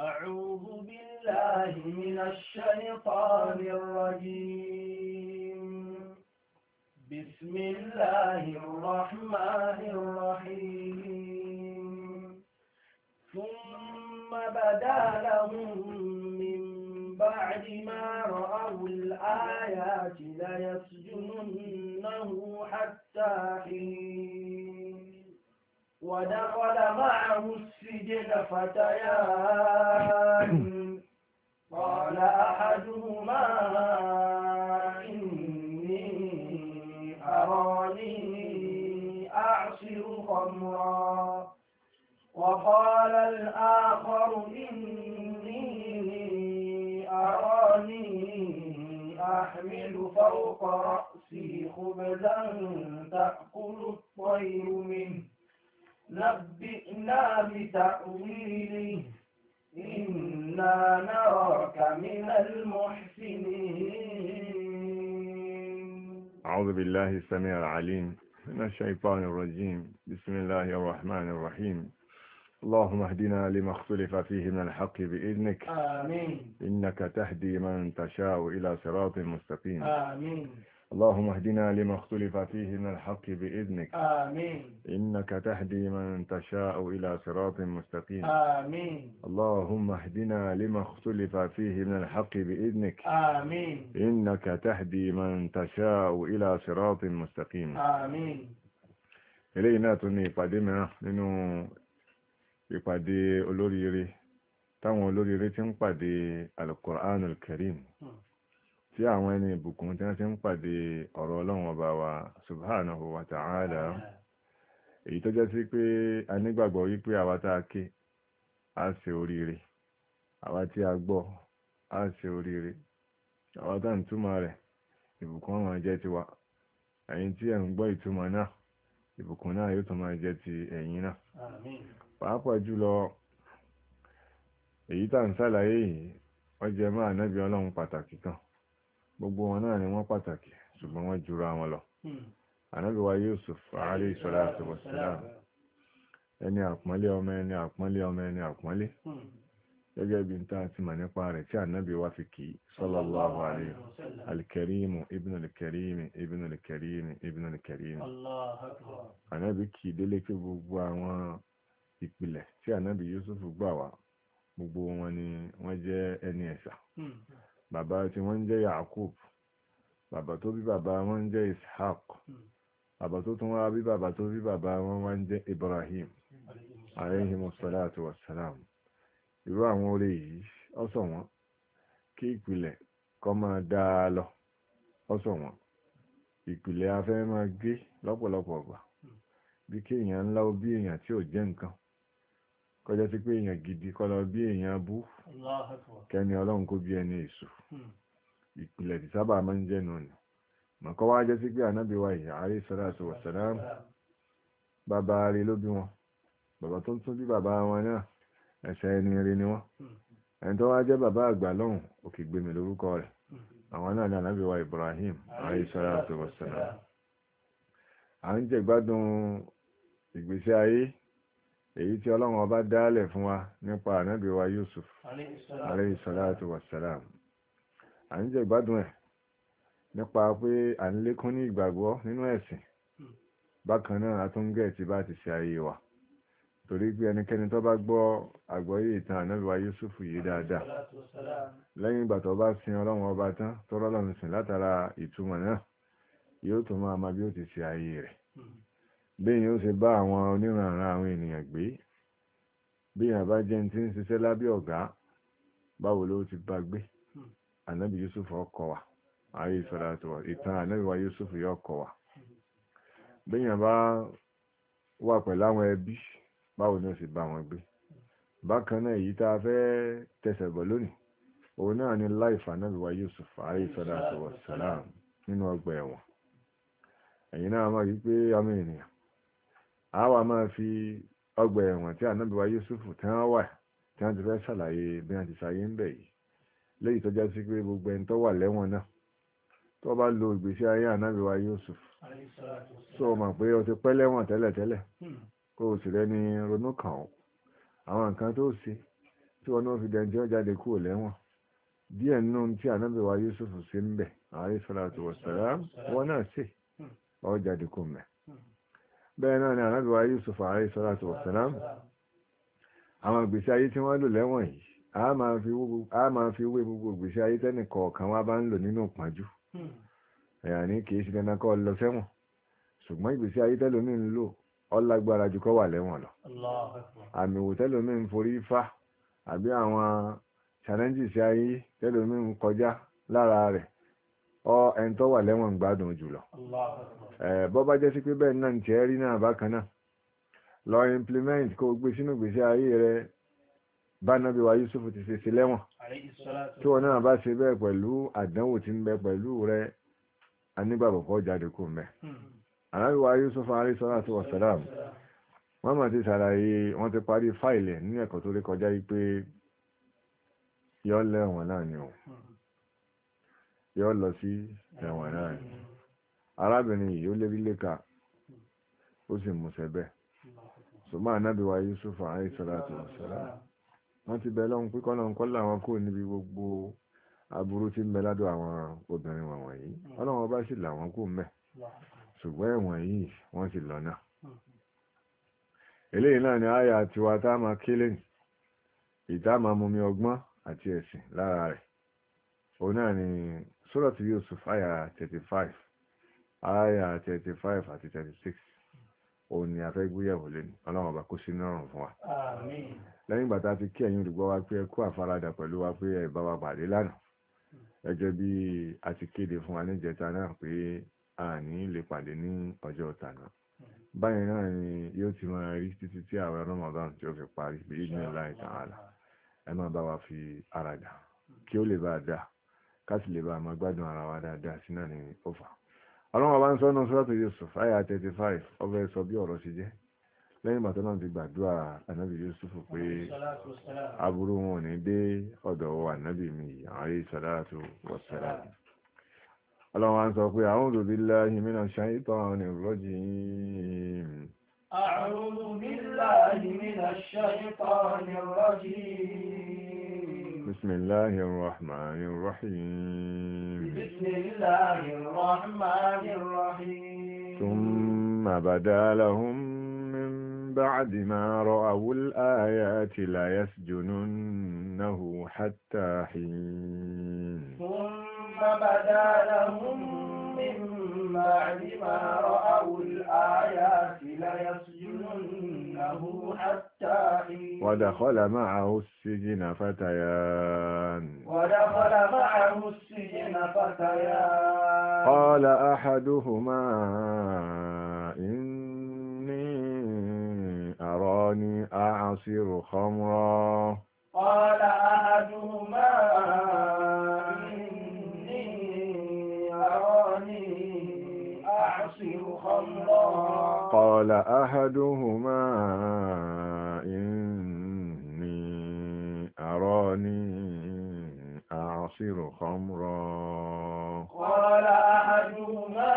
أعوذ بالله من الشيطان الرجيم بسم الله الرحمن الرحيم ثم بدا لهم من بعد ما رأوا الآيات ليسجننه حتى حين ودخل معه السجن فتيان قال أحدهما إني أراني أعصر خمرا وقال الآخر إني أراني أحمل فوق رأسي خبزا تأكل الطير منه نبئنا بتأويله إنا نراك من المحسنين أعوذ بالله السميع العليم من الشيطان الرجيم بسم الله الرحمن الرحيم اللهم اهدنا لما اختلف فيه من الحق بإذنك آمين إنك تهدي من تشاء إلى صراط مستقيم آمين اللهم اهدنا لما اختلف فيه من الحق بإذنك آمين إنك تهدي من تشاء إلى صراط مستقيم آمين اللهم اهدنا لما اختلف فيه من الحق بإذنك آمين إنك تهدي من تشاء إلى صراط مستقيم آمين إلينا تني قدمنا لنو يقدي أولوريري تاون أولوريري تنقدي القرآن الكريم tí àwọn ẹni ìbùkún tí wọ́n ti ń pàdé ọ̀rọ̀ ọlọ́run ọba wa subhanahu wa ta'ala èyí tó jẹ́ sí pé a nígbàgbọ́ wípé àwa tá a ké a ṣe oríire àwa tí a gbọ́ a ṣe oríire àwa tá ń túmọ̀ rẹ̀ ìbùkún tiwa tí ẹ̀ ń gbọ́ ìtumọ̀ náà ìbùkún náà yóò tún jẹ́ ti ẹ̀yin náà pàápàá jùlọ èyí tá ń yìí wọ́n jẹ́ máa ọlọ́run pàtàkì kan gbogbo wọn náà ni wọ́n pàtàkì ṣùgbọ́n wọ́n jura wọn lọ hmm. ànábì wa Yusuf alayhi salatu wassalam hmm. ẹni àpọ́nlé ọmọ ẹni àpọ́nlé ọmọ ẹni àpọ́nlé hmm. gẹgẹ bí n táà ti mà nípa tí ànábì wa fi kì í sallallahu alkerimu ibn kì í gbogbo àwọn tí Yusuf gbà wá gbogbo wọn ni ẹni bàbá tí wọ́n ń jẹ́ Yakub bàbá tó bí bàbá wọn jẹ́ Ishaq hmm. bàbá tó tún wá bí bàbá tó bí bàbá wọn Ibrahim aléhìmọ̀sálàtù wàsálàm irú àwọn orí yìí ọ́sọ̀ wọn kí ìpìlẹ̀ kọ́ máa dáa lọ ọ́sọ̀ wọn ìpìlẹ̀ afẹ́ máa gbé lọ́pọ̀lọpọ̀ ọgbà hmm. bí kí èèyàn ńlá bí èèyàn tí ò jẹ́ nǹkan kọjá sí pé èèyàn gidi kọ́lọ bí èèyàn bú kẹ́ni ọlọ́run kó bí ẹni èṣù hmm. ìpìlẹ̀ sábà máa ń jẹ́nu ni mọ̀kọ́ wá jẹ́ sí pé ànábì wa ìyá àárẹ̀ sọ́dá bàbá wọn bàbá tó ń tún bí bàbá wọn náà ẹ̀sẹ̀ ẹni ni wọ́n hmm. ẹni tó wá jẹ́ bàbá àgbà lọ́hùn òkè lórúkọ rẹ̀ hmm. àwọn náà ní Ibrahim àárẹ̀ sọ́dá àti wọ̀sẹ̀lám à ń jẹ̀gbádùn ìgbésí èyí tí ọlọ́run ọba dálẹ̀ fún wa nípa ànábì wa Yusuf alayhi salatu wassalam à ń jẹ ìgbádùn ẹ̀ nípa pé à ń lékún ní ìgbàgbọ́ nínú ẹ̀sìn bákan náà atúngẹ̀ tí bá ti ṣe ayé wa torí pé ẹnikẹ́ni tó bá gbọ́ àgbọ́yé ìtàn ànábì wa Yusuf yìí dáadáa lẹ́yìn ìgbà tó bá sin ọlọ́run ọba tán tó rọ́lọ́run sìn látara ìtumọ̀ náà yóò tún máa ma bí ó ti ṣe ayé rẹ̀ béèyàn ó ṣe bá àwọn oníranra àwọn ènìyàn gbé béèyàn bá jẹ́ tí ń ṣiṣẹ́ lábẹ́ ọ̀gá báwo ló ti bá gbé ànábì Yusuf ọkọ̀ wa ayé ìsọ̀rọ̀ wa ìtàn ànábì wa Yusuf yọ ọkọ̀ wa béèyàn bá wà pẹ̀lú àwọn ẹbí báwo ni ó sì bá wọn gbé bákan náà èyí tá a fẹ́ tẹsẹ̀ bọ̀ lónìí òun náà ni láìfà ànábì wa Yusuf ayé ìsọ̀rọ̀ wa sàlám nínú ọgbà ẹ̀wọ̀n ẹ̀yìn náà máa yí pé ọmọ ènìyàn a wà máa fi ọgbà ẹ̀wọ̀n tí ànábì wa Yusuf tí wọ́n wà tí wọ́n ti fẹ́ ṣàlàyé bí wọ́n ti ṣàyé ń bẹ̀ yìí léyìí tó já sí pé gbogbo ẹni tó wà lẹ́wọ̀n náà tó bá lo ìgbésí ayé ànábì wa Yusuf tó o mọ̀ pé o ti pẹ́ lẹ́wọ̀n tẹ́lẹ̀tẹ́lẹ̀ kó o sì rẹ́ni ronú kàn ó àwọn nǹkan tó ṣe tí wọn náà fi dẹ̀ǹjẹ́ jáde kúrò lẹ́wọ̀n díẹ̀ nínú tí ànábì wa ṣe ń bẹ̀ ààrẹ bẹ́ẹ̀ náà ni ànábì wa Yusuf alayhi salatu wassalam àwọn ìgbésí ayé tí wọ́n lò lẹ́wọ̀n yìí a máa fi wé gbogbo ìgbésí ayé tẹ́nì kọ̀ọ̀kan wá bá ń lò nínú ìpọ́njú ẹ̀yà ní kìí ṣe dandan kọ́ lọ sẹ́wọ̀n ṣùgbọ́n ìgbésí ayé tẹ́lómi ń lò ọlágbára jù kọ́ wà lẹ́wọ̀n lọ àmì tẹ́lómi ń forí fá àbí àwọn challenges ayé tẹ́lómi ń kọjá lára rẹ̀ ọ ẹni tó wà lẹ́wọ̀n gbádùn jùlọ bọ́ bá jẹ́ sí pé bẹ́ẹ̀ náà tiẹ̀ rí náà bákan lọ implement kó gbé sínú gbèsè ayé rẹ bá nábi wa Yusuf ti ṣe sí lẹ́wọ̀n tí wọn náà bá ṣe bẹ́ẹ̀ pẹ̀lú àdánwò tí ń bẹ pẹ̀lú rẹ anígbàgbọ́ jáde kó mẹ́ hmm. ànábì Yusuf alayhi salatu wa salam wọ́n mà ti ṣàlàyé wọ́n ti parí fáìlì ní ẹ̀kọ́ tó rí kọjá yìí pé yọ́ lẹ́wọ̀n náà ni yóò lọ sí ẹ̀wọ̀n náà ni arábìnrin yìí ó lérí léka ó sì múṣẹ bẹ́ẹ̀ ṣùgbọ́n ànábì wa Yusuf alayhi salatu wassalam wọ́n ti bẹ̀ lọ́hùn pé kọ́nà ń kọ́lá àwọn kò níbi gbogbo aburú tí ń bẹ ládọ̀ àwọn obìnrin wọ̀nyí ọlọ́run ọba sì làwọn kò mẹ́ ṣùgbọ́n ẹ̀wọ̀n yìí wọ́n sì lọ́nà eléyìí náà ni àyà tiwa tá máa kélé ìta máa mumi ọgbọ́n àti ẹ̀sìn lára rẹ̀ òun náà ni Suratu Yusuf àyà 35 àyà 35 àti 36 òun ni a fẹ́ gbéyàwó lẹ́nu ọlọ́run ọba kó sínú ọ̀run fún wa. lẹ́yìn ìgbà tá a ti kí ẹ̀yin olùgbọ́ wa pé ẹ kú àfaradà pẹ̀lú wa pé ẹ bá wa pàdé lánàá gẹ́gẹ́ bí a ti kéde fún wa níjẹta náà pé a ní lè pàdé ní ọjọ́ tàná báyìí náà ni yóò ti máa rí títí tí àwọn Ramadan tí ó fi parí bí ní ọlá ìtàn àlà ẹ máa bá wa fi ara kí ó lè bá a dáa kásì lè bá ara wa dáadáa sí náà ní ọlọ́run ọba ń sọ ọ́nà sọ́dọ̀ Yusuf àyà thirty five ọbẹ̀ sọ bí ọ̀rọ̀ ṣe jẹ́ lẹ́yìn bàtọ́ náà ti gbàdúrà ànábì Yusuf pé aburú wọn ò ní dé ọ̀dọ̀ ànábì mi àwọn ayé wọ̀sẹ̀rà ọlọ́run wa ń sọ pé بسم الله الرحمن الرحيم بسم الله الرحمن الرحيم ثم بدا لهم من بعد ما رأوا الآيات يسجننه حتى حين ثم بدا لهم من بعد ما رأوا الآيات ليسجننه حتى حين ودخل معه السجن فتيان ودخل معه السجن فتيان قال أحدهما إني أراني أعصر خمرا قال أحدهما قال أحدهما إني أراني أعصر خمرا قال أحدهما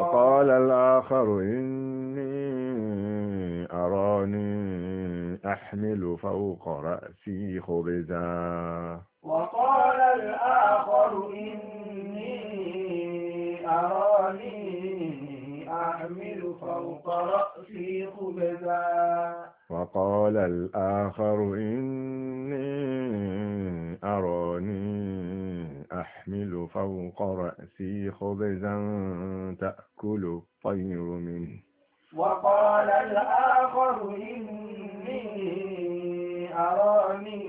وقال الآخر إني أراني أحمل فوق رأسي خبزا وقال الآخر إني أراني أحمل فوق رأسي خبزا وقال الآخر إني أراني أحمل فوق رأسي خبزا تأكل الطير منه وقال الآخر إني أراني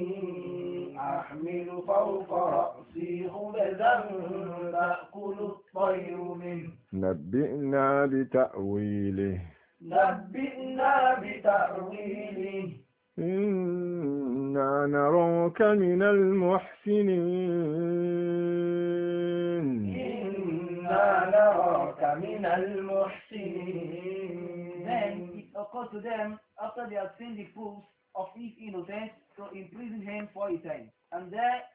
أحمل فوق رأسي خبزا تأكل الطير منه نبئنا بتأويله نبئنا بتأويله إنا نراك من المحسنين إنا نراك من المحسنين occurred to them after they had seen the proofs of his innocence to imprison him for a time. And there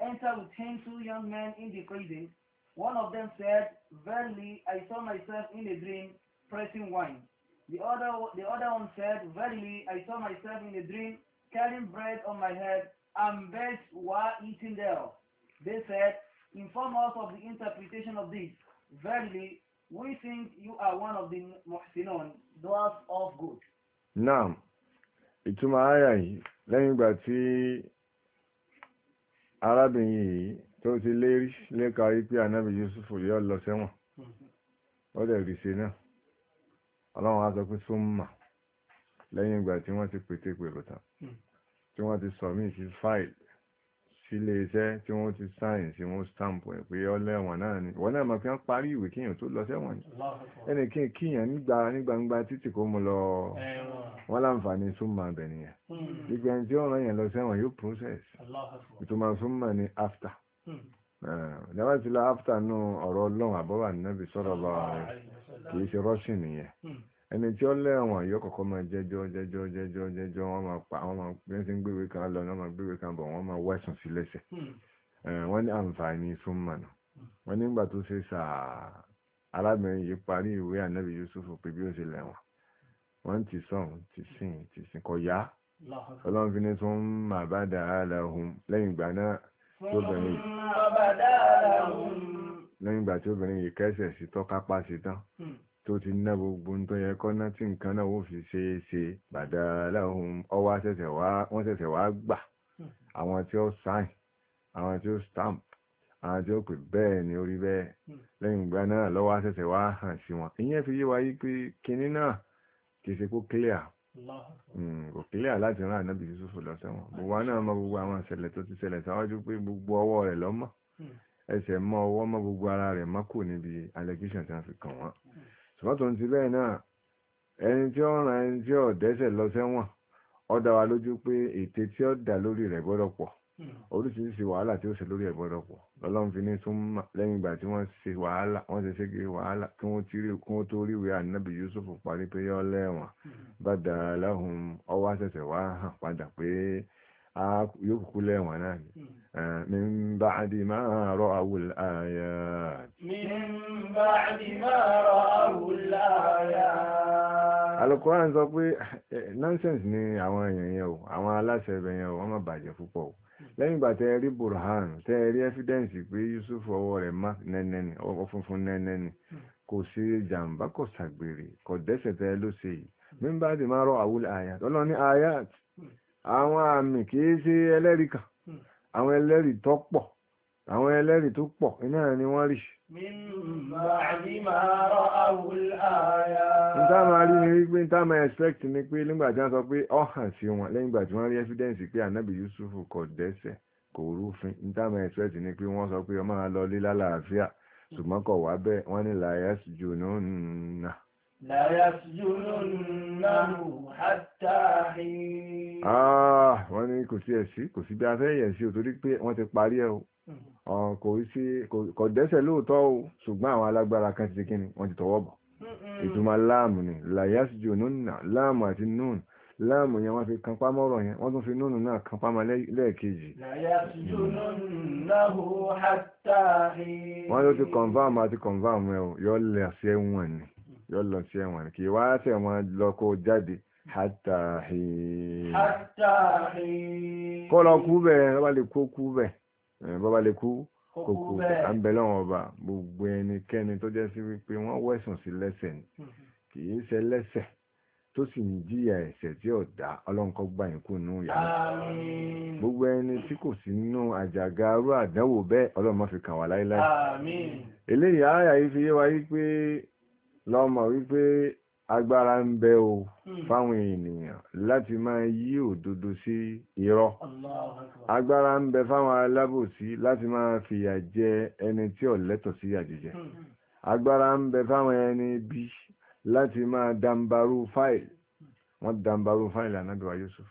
entered with him two young men in the prison. One of them said, Verily, I saw myself in a dream pressing wine. The other, the other one said, Verily, I saw myself in a dream carrying bread on my head and birds were eating thereof. They said, Inform us of the interpretation of this. Verily, We think you are one of the muhsinun, doers of good. Naam. Ìtumọ̀ àyà yìí lẹ́yìn ìgbà tí arábìnrin yìí tó ti lérí léka ipi ànábì Yusufu yọ lọ sẹ́wọ̀n. Ó dẹ̀ rí ṣe náà. Ọlọ́run á sọ pé súnmà lẹ́yìn ìgbà tí wọ́n ti pètè pèrò tán. Hmm. Tí wọ́n ti sọ̀mí sí fáìlì sí ilé iṣẹ́ tí wọ́n ti sáyìn sí wọ́n stamp ẹ̀ pé ọlẹ́wọ̀n náà ni wọ́n náà mọ̀ fi ń parí ìwé kíyàn tó lọ sẹ́wọ̀n ni ẹni kí kíyàn nígbà nígbàgbà títì kó mu lọ wọ́n láǹfààní súnmọ́ abẹ nìyẹn hmm. gbígbà tí ó yẹn lọ sẹ́wọ̀n yóò process ìtumọ̀ súnmọ́ ni after hmm. eh, lẹ́wọ́n ti lọ after nù ọ̀rọ̀ ọlọ́run àbọ̀wà nínábì sọ̀rọ̀ lọ kì í ṣe rushing nìyẹn hmm ẹni tí ó lẹ́wọ̀n yóò kọ́kọ́ máa jẹ́jọ́ jẹ́jọ́ jẹ́jọ́ jẹ́jọ́ wọ́n máa pa wọ́n máa bí wọ́n ti ń gbéwèé kan lọ wọ́n máa gbéwèé kan bọ̀ wọ́n máa wẹ̀sùn sí lẹ́sẹ̀ hmm. wọ́n ní àǹfààní súnmọ̀nà hmm. wọ́n nígbà tó ṣe sà arábìnrin yìí parí ìwé ànábì Yusuf pé bí ó ṣe lẹ́wọ̀n wọ́n ti sọ̀hún ti sìn ti sìn kọ yá ọlọ́run fi ní tún mà bá dà á lahùn lẹ́yìn ìgbà náà tó bẹ̀rẹ̀ lẹ́yìn ìgbà tí obìnrin yìí kẹ́sẹ̀ sí tọ́kápá tó ti ná gbogbo tó yẹ kọ́ ná tí nǹkan náà ó fi ṣe é ṣe bàdá láhùn ọwọ́ wọ́n ṣẹ̀ṣẹ̀ wá gbà hmm. àwọn tí ó sign àwọn tí ó stamp àwọn tí ó pè bẹ́ẹ̀ ni orí bẹ́ẹ̀ hmm. lẹ́yìn ìgbà náà lọ́wọ́ ṣẹ̀ṣẹ̀ wá hàn sí wọn ìyẹn fi yé wa yí pé kinní náà kì í ṣe kó clear hmm, kò clear láti rán ànábì Yúsúfù lọ sẹ́wọ̀n gbogbo náà mọ gbogbo àwọn ìṣẹ̀lẹ̀ tó ti ṣẹlẹ̀ sáwájú pé gbogbo ọwọ́ rẹ̀ lọ́mọ ẹsẹ̀ mọ ọwọ́ mọ gbogbo ara rẹ̀ mọ́kù níbi allegation tí wọ́n fi kàn wọ́n ṣùgbọ́n tó ń ti bẹ́ẹ̀ náà ẹni tí ó ràn ẹni tí ó dẹ́sẹ̀ lọ sẹ́wọ̀n ó dá wa lójú pé ète tí ó dà lórí rẹ̀ gbọ́dọ̀ pọ̀ hmm. oríṣiríṣi wàhálà tí ó ṣe lórí ẹ̀gbọ́dọ̀ pọ̀ lọ́lọ́run fi ní tún lẹ́yìn ìgbà tí wọ́n ṣe wàhálà wọ́n ṣe ṣége wàhálà kí wọ́n tó rí ìwé ànábì Yusuf parí pé yọ́ lẹ́wọ̀n bá dàrá ọwọ́ àṣẹ̀ṣẹ̀ wá hàn padà pé yóò kú lẹ́wọ̀n náà ni hmm. min ba'di ma ra'awul ayat min ba'di ma ra'awul ayat Al-Qur'an sọ pé nonsense ni àwọn èèyàn yẹn o àwọn aláṣẹ ibẹ̀ yẹn o wọ́n má bàjẹ́ púpọ̀ o hmm. lẹ́yìn ìgbà tẹ́ rí burhan tẹ́ rí evidence pé Yusuf ọwọ́ rẹ̀ má nẹ́nẹ́ni ọkọ̀ funfun nẹ́nẹ́ni hmm. kò sí jàǹbá kò ṣàgbèrè kò dẹ́ṣẹ̀ tẹ́ ló ṣe yìí min ba'di ma ra'awul ayat ọlọ́ni ayat àwọn àmì kìí ṣe ẹlẹ́rìí kan hmm. àwọn ẹlẹ́rìí tó pọ̀ àwọn ẹlẹ́rìí tó pọ̀ iná ni wọ́n rí ìtàmà rí ní wípé ìtàmà expect ni pé nígbàtí wọ́n sọ pé ó hàn sí wọn lẹ́yìn wọ́n rí evidence pé ànábì Yusuf kò dẹ́ṣẹ̀ kò rúfin ìtàmà expect ni pé wọ́n sọ pé ọmọ lọ lé lálàáfíà hmm. ṣùgbọ́n kò wá bẹ́ẹ̀ wọ́n ní làyẹ́sì jù náà Ah, wọ́n ní kò sí ẹ̀sí kò sí bí a fẹ́ yẹ̀ sí o torí pé wọ́n ti parí ẹ̀ o mm-hmm. ah, kò sí kò dẹ́sẹ̀ lóòótọ́ o ṣùgbọ́n àwọn alágbára kan ti ṣe kíni wọ́n ti tọwọ́ bọ̀ mm-hmm. ìtumọ̀ láàmù ni làyásíjò núnà láàmù àti núnà láàmù yẹn wọ́n fi kan pámọ́rọ̀ yẹn wọ́n tún fi núnù náà kan pámọ́ lẹ́ẹ̀kejì wọ́n ló ti kọ̀nfàmù àti kọ̀nfàmù ẹ̀ yọ́ lẹ̀ sí ẹ̀wọ̀n ni yóò sí ẹ̀wọ̀n kì wá sẹ̀wọ̀n lọ kó jáde hátàhì kó lọ kú bẹ́ẹ̀ bọ́bá lè kú kú bẹ́ẹ̀ bọ́bá lè kú kó kú bẹ́ẹ̀ à ń bẹ lọ́wọ́n ọba gbogbo ẹnikẹ́ni tó jẹ́ sí wípé wọ́n wẹ̀sùn sí lẹ́sẹ̀ ni mm-hmm. kì í ṣe lẹ́sẹ̀ tó sì ń jíyà ẹ̀ṣẹ̀ tí ọ̀dá ọlọ́nkọ́ gbà yín kú nù yàrá gbogbo ẹni tí kò sí nínú àjàgà arú àdánwò bẹ́ẹ̀ ọlọ́run má fi kàn wá láéláé eléyìí ààyè yìí fi yé wa yí pé lọ́mọ wípé agbára ń bẹ o hmm. fáwọn ènìyàn láti máa yí òdodo sí irọ́ agbára ń bẹ fáwọn alábòsí láti máa fìyà jẹ ẹni tí ò lẹ́tọ̀ọ́ sí àjẹjẹ hmm. agbára ń bẹ fáwọn ẹni bí láti máa dambaru fáìlì hmm. wọ́n dambaru fáìlì ànábíwá Yusuf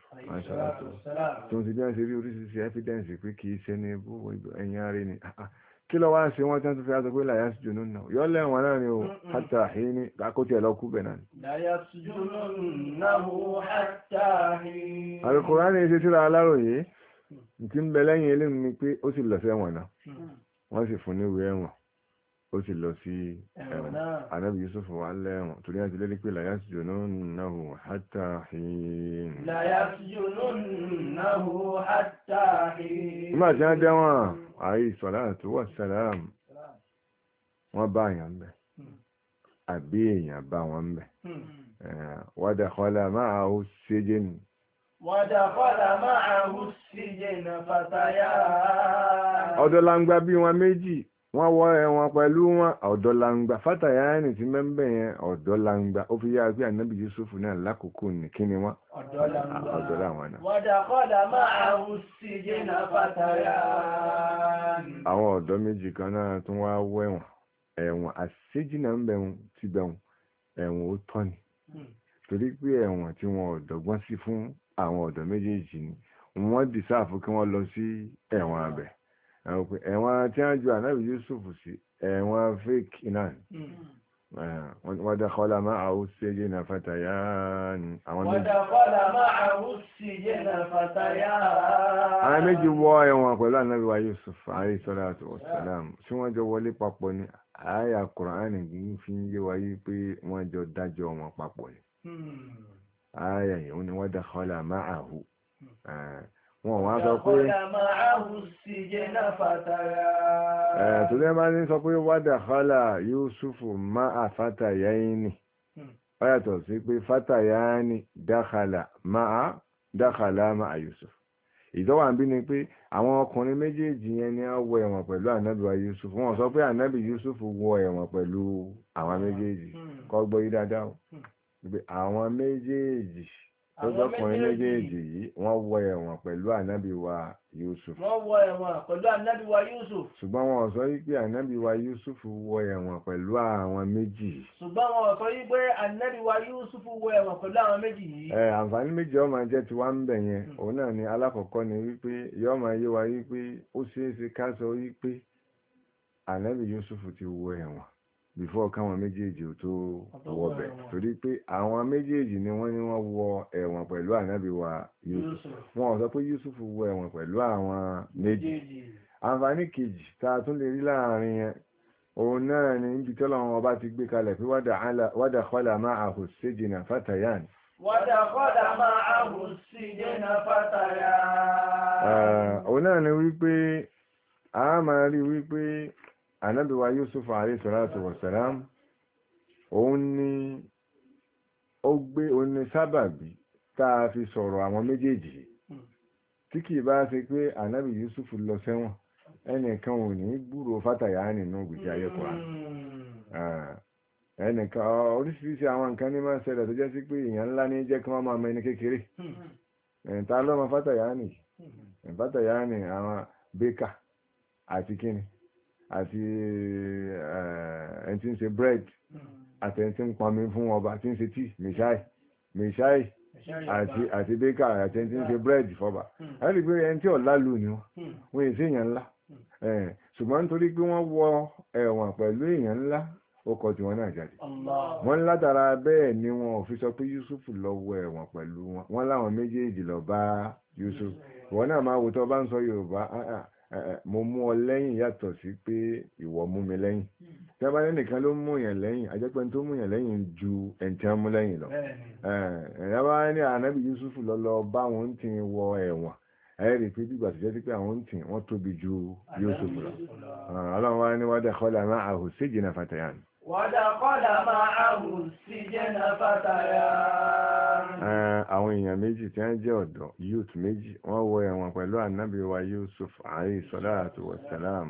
tó ń ti bí wọ́n ṣe rí oríṣiríṣi evidence pé kì í ṣe ní ẹ̀yìn ààrẹ ni kí lọ wá sí wọn tí wọn tún fi aṣọ pé làyà sùjù nù náà yọ lẹ́wọ̀n náà ni o hàtà àhín ní àkótí ẹ̀lọ́kú bẹ̀ náà ni. làyà sùjù náà hàtà àhín. síra aláròyé tí ń bẹ lẹ́yìn eléyìí ni pé ó sì lọ sẹ́wọ̀n náà mm. wọ́n sì fún níwèé ẹ̀wọ̀n ó sì lọ sí ẹ̀wọ̀n anábì yusuf wà lẹ́wọ̀n torí àti lórí pé láyá sí jùnú náà hátà hìn láyá sí jùnú náà hátà hìn nígbà tí wọ́n dẹ́wọ̀n àyè sọ̀láàtù wà sàlám wọ́n bá èèyàn bẹ̀ hmm. àbí èèyàn bá wọn bẹ̀ wàdà kọlà máa ó séjé nù wàdà kọlà máa ó bí wọn méjì wọ́n wọ́ ẹ̀wọ̀n pẹ̀lú wọn ọ̀dọ́ langba fátàyáni ti mẹ́mbẹ̀ yẹn ọ̀dọ́ langba ó fi yára pé ànábì Yusuf náà lákòókò ní kí ni wọ́n ọ̀dọ́ làwọn náà. àwọn ọ̀dọ́ méjì kan náà tún wá wọ́ ẹ̀wọ̀n ẹ̀wọ̀n àṣejì náà ń bẹ̀wọ̀n ti bẹ̀wọ̀n ẹ̀wọ̀n ó tọ́ ni hmm. torí pé ẹ̀wọ̀n tí wọn ọ̀dọ́gbọ́n sí fún àwọn ọ̀dọ́ méjèèjì ni wọ́n dì sáàfù kí wọ́n lọ sí ẹ̀wọ̀n abẹ́ ẹ̀wọ̀n tí wọ́n ju ànábì Yusuf sí ẹ̀wọ̀n fake inan hmm. ah, wọ́n dákọ́lá máa àwọn síyẹ́ na fàtàyà ní àwọn méjì wọ́ ẹ̀wọ̀n pẹ̀lú ànábì wa Yusuf alayhi salatu wassalam tí wọ́n jọ wọlé papọ̀ ní àyà Kùránì fi ń yé wáyé pé wọ́n jọ dájọ́ wọn papọ̀ ní hmm. àyà yìí wọ́n ni wọ́n dákọ́lá máa àwọn hmm. ah, wọn wá sọ pé ẹ̀tùlẹ́ máa ní sọ pé wádà kọ́lá Yusufu má a fátàyà ní ó yàtọ̀ sí pé fátàyà ní dákàlà má a Yusuf ìdọ́wà ń bí ni pé àwọn ọkùnrin méjèèjì yẹn ni a wọ ẹ̀wọ̀n pẹ̀lú ànábì Yusuf wọn sọ pé ànábì Yusuf wọ ẹ̀wọ̀n pẹ̀lú àwọn hmm. méjèèjì hmm. kọ́ gbọ́ yí dáadáa hmm. àwọn méjèèjì tó jọkùnrin méjèèjì yìí wọ́n wọ ẹ̀wọ̀n pẹ̀lú ànábì Yusuf. wọ́n wọ ẹ̀wọ̀n pẹ̀lú ànábì Yusuf. ṣùgbọ́n wọn sọ wípé Yusuf wọ ẹ̀wọ̀n pẹ̀lú àwọn méjì. ṣùgbọ́n àǹfààní méjì ọmọ ti wá ń yẹn hmm. òun náà ni alákọ̀ọ́kọ́ ni wípé yé wa wípé ó sọ wípé Yusuf ti wọ before káwọn méjèèjì tó wọbẹ̀ torí pé àwọn méjèèjì ni wọ́n ní wọ́n wọ ẹ̀wọ̀n pẹ̀lú ànábì wa Yusuf wọn ò sọ pé Yusuf wọ ẹ̀wọ̀n pẹ̀lú àwọn méjì àǹfààní kejì tá a tún lè rí láàrin yẹn òun náà ni níbi tọ́lọ̀ wọn ọba ti gbé kalẹ̀ pé wádà kọ́lá máa àhò séjìnà fàtàyàn wádà kọ́lá máa àhò séjìnà fàtàyàn òun náà ni wípé a máa rí wípé anábíwá Yusuf alayhi salatu wassalam òun ni ó gbé òun ni sábàbí tá a fi sọ̀rọ̀ àwọn méjèèjì hmm. tí kì bá ṣe pé anábí Yusuf lọ sẹ́wọ̀n ẹnìkan ò ní gbúrò fátàyà nínú gbèsè ayé kura hmm. ah, ẹnìkan oríṣiríṣi àwọn nǹkan ní máa ń ṣẹlẹ̀ tó jẹ́ sí pé èèyàn ńlá ní jẹ́ kí wọ́n máa mọ ẹni kékeré hmm. ẹ̀ǹta lọ́mọ fátàyà nìyí fátàyà nìyí àwọn bẹ́kà àti kíni àti eh, ẹni tí ń ṣe bread hmm. àti ẹni tí ń pami fún ọba tí ń ṣe tíì mìṣáì mìṣáì àti àti bíkà àti ẹni tí ń ṣe hmm. bread fọba ẹni hmm. pé ẹni tí ọ̀la lù ni wọn wọn èsì èèyàn ńlá eh, ṣùgbọ́n nítorí pé wọ́n wọ ẹ̀wọ̀n pẹ̀lú èèyàn ńlá ọkọ̀ tí wọ́n náà jáde wọ́n látara bẹ́ẹ̀ ni wọn ò fi sọ pé Yusuf lọ wọ ẹ̀wọ̀n pẹ̀lú wọn wọ́n láwọn méjèèjì lọ bá Yusuf ìwọ náà máa wò tó bá ń sọ Yorùbá ah, ah, mo mú ọ lẹ́yìn yàtọ̀ sí pé ìwọ mú mi lẹ́yìn hmm. tí wọ́n bá ní nìkan ló mú yàn lẹ́yìn ajẹ́pẹ́ tó mú yàn lẹ́yìn ju ẹ̀ǹtí wọ́n mú lẹ́yìn lọ ẹ̀yàn bá ní ànábì Yusuf lọ́lọ́ bá wọn ti wọ ẹ̀wọ̀n ẹ̀rì pé bí gbàtọ̀jẹ́ sí pé àwọn tí wọ́n tóbi ju Yusuf lọ ọlọ́run wá ní wádà kọ́lá máa àhò séjì náà fàtàyàn. wádà kọ́lá máa àhò séjì náà fàtàyàn. Eh, àwọn èèyàn méjì tí wọ́n jẹ́ ọ̀dọ́ youth méjì wọ́n wọ ẹ̀wọ̀n pẹ̀lú ànábì wa Yusuf alayhi salatu wassalam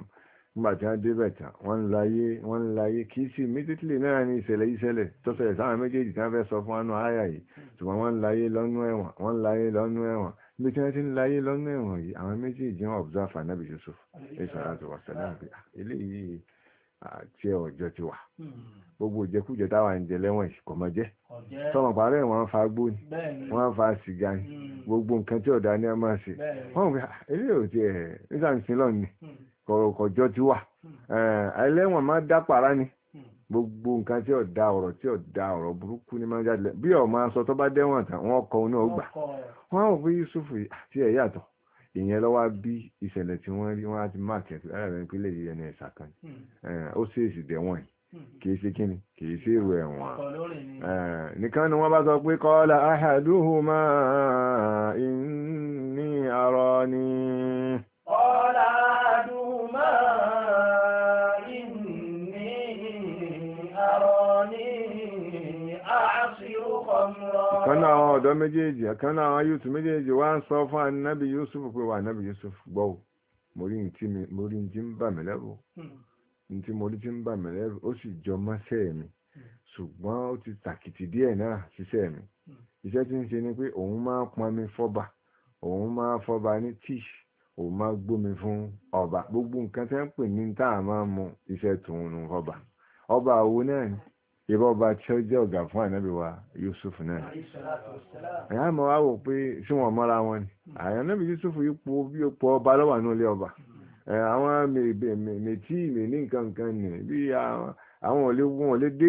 nígbà tí wọ́n débẹ̀ tán wọ́n ń láyé wọ́n ń láyé kìí sí immediately náà ní ìṣẹ̀lẹ̀ ìṣẹ̀lẹ̀ tó ṣẹlẹ̀ sáwọn méjèèjì tí wọ́n fẹ́ sọ fún wọn àyà yìí ṣùgbọ́n wọ́n ń láyé lọ́nú ẹ̀wọ̀n wọ́n ń láyé lọ́nú ẹ̀wọ̀n bí tí wọ́n ti ń láyé lọ́nú ẹ̀wọ̀n yìí àwọn méjèèjì wọn observe ànábì Yusuf alayhi salatu wassalam eléyìí àti ọ̀jọ́ ti wà hmm. gbogbo ìjẹkújẹ táwa ń jẹ lẹ́wọ̀n ìṣìkọ̀mọ́ jẹ́ tọmọ wọn fa fa sìgá ni hmm. gbogbo nǹkan tí ọ̀dà ni a máa ṣe wọn fi eré òtí para ni hmm. gbogbo nǹkan tí ọ̀dà ọ̀rọ̀ tí ọ̀dà ọ̀rọ̀ burúkú ni máa jáde bí ọ̀ máa sọ tó bá dẹ́wọ̀n tán ìyẹn lọ́wọ́ bí ìṣẹ̀lẹ̀ tí wọ́n rí wọ́n á ti máàkì ẹ̀sìn lára yìí ẹni kan hmm. ó sì èsì dẹ̀wọ̀n yìí hmm. kìí ṣe kíni kìí ṣe ẹ̀wọ̀n nìkan ni wọ́n bá sọ pé kọ́lá ahaduhuma inni arani. kọ́lá ahaduhuma lọ. àwọn ọ̀dọ́ méjèèjì ọ̀kan náà àwọn yusuf méjèèjì wá ń sọ fún anábì yusuf pé wà anábì yusuf gbọ́ mo rí ní tí ń bà mí lẹ́rù hmm. ní jọ mi ṣùgbọ́n ó ti tàkìtì díẹ̀ náà ṣiṣẹ́ mi hmm. iṣẹ́ tí ń ṣe ni pé òun máa pọn mi fọ́ba òun máa fọ́ba ní tíṣ òun máa fún ọba gbogbo nǹkan tẹ́ ń pè ní tá a máa mu iṣẹ́ tòun nù ọba ìbá ọba tí ó jẹ́ ọ̀gá fún ànábì wa Yusuf náà ẹ̀yà mọ̀ wá wò pé sí wọn mọ́ra wọn ni ànábì Yusuf ipò bí ipò ọba lọ́wọ́ ní ilé ọba àwọn mẹ̀tí ìmẹ̀ ní nǹkan kan nì bí àwọn ò lè wọ́n ò lè dé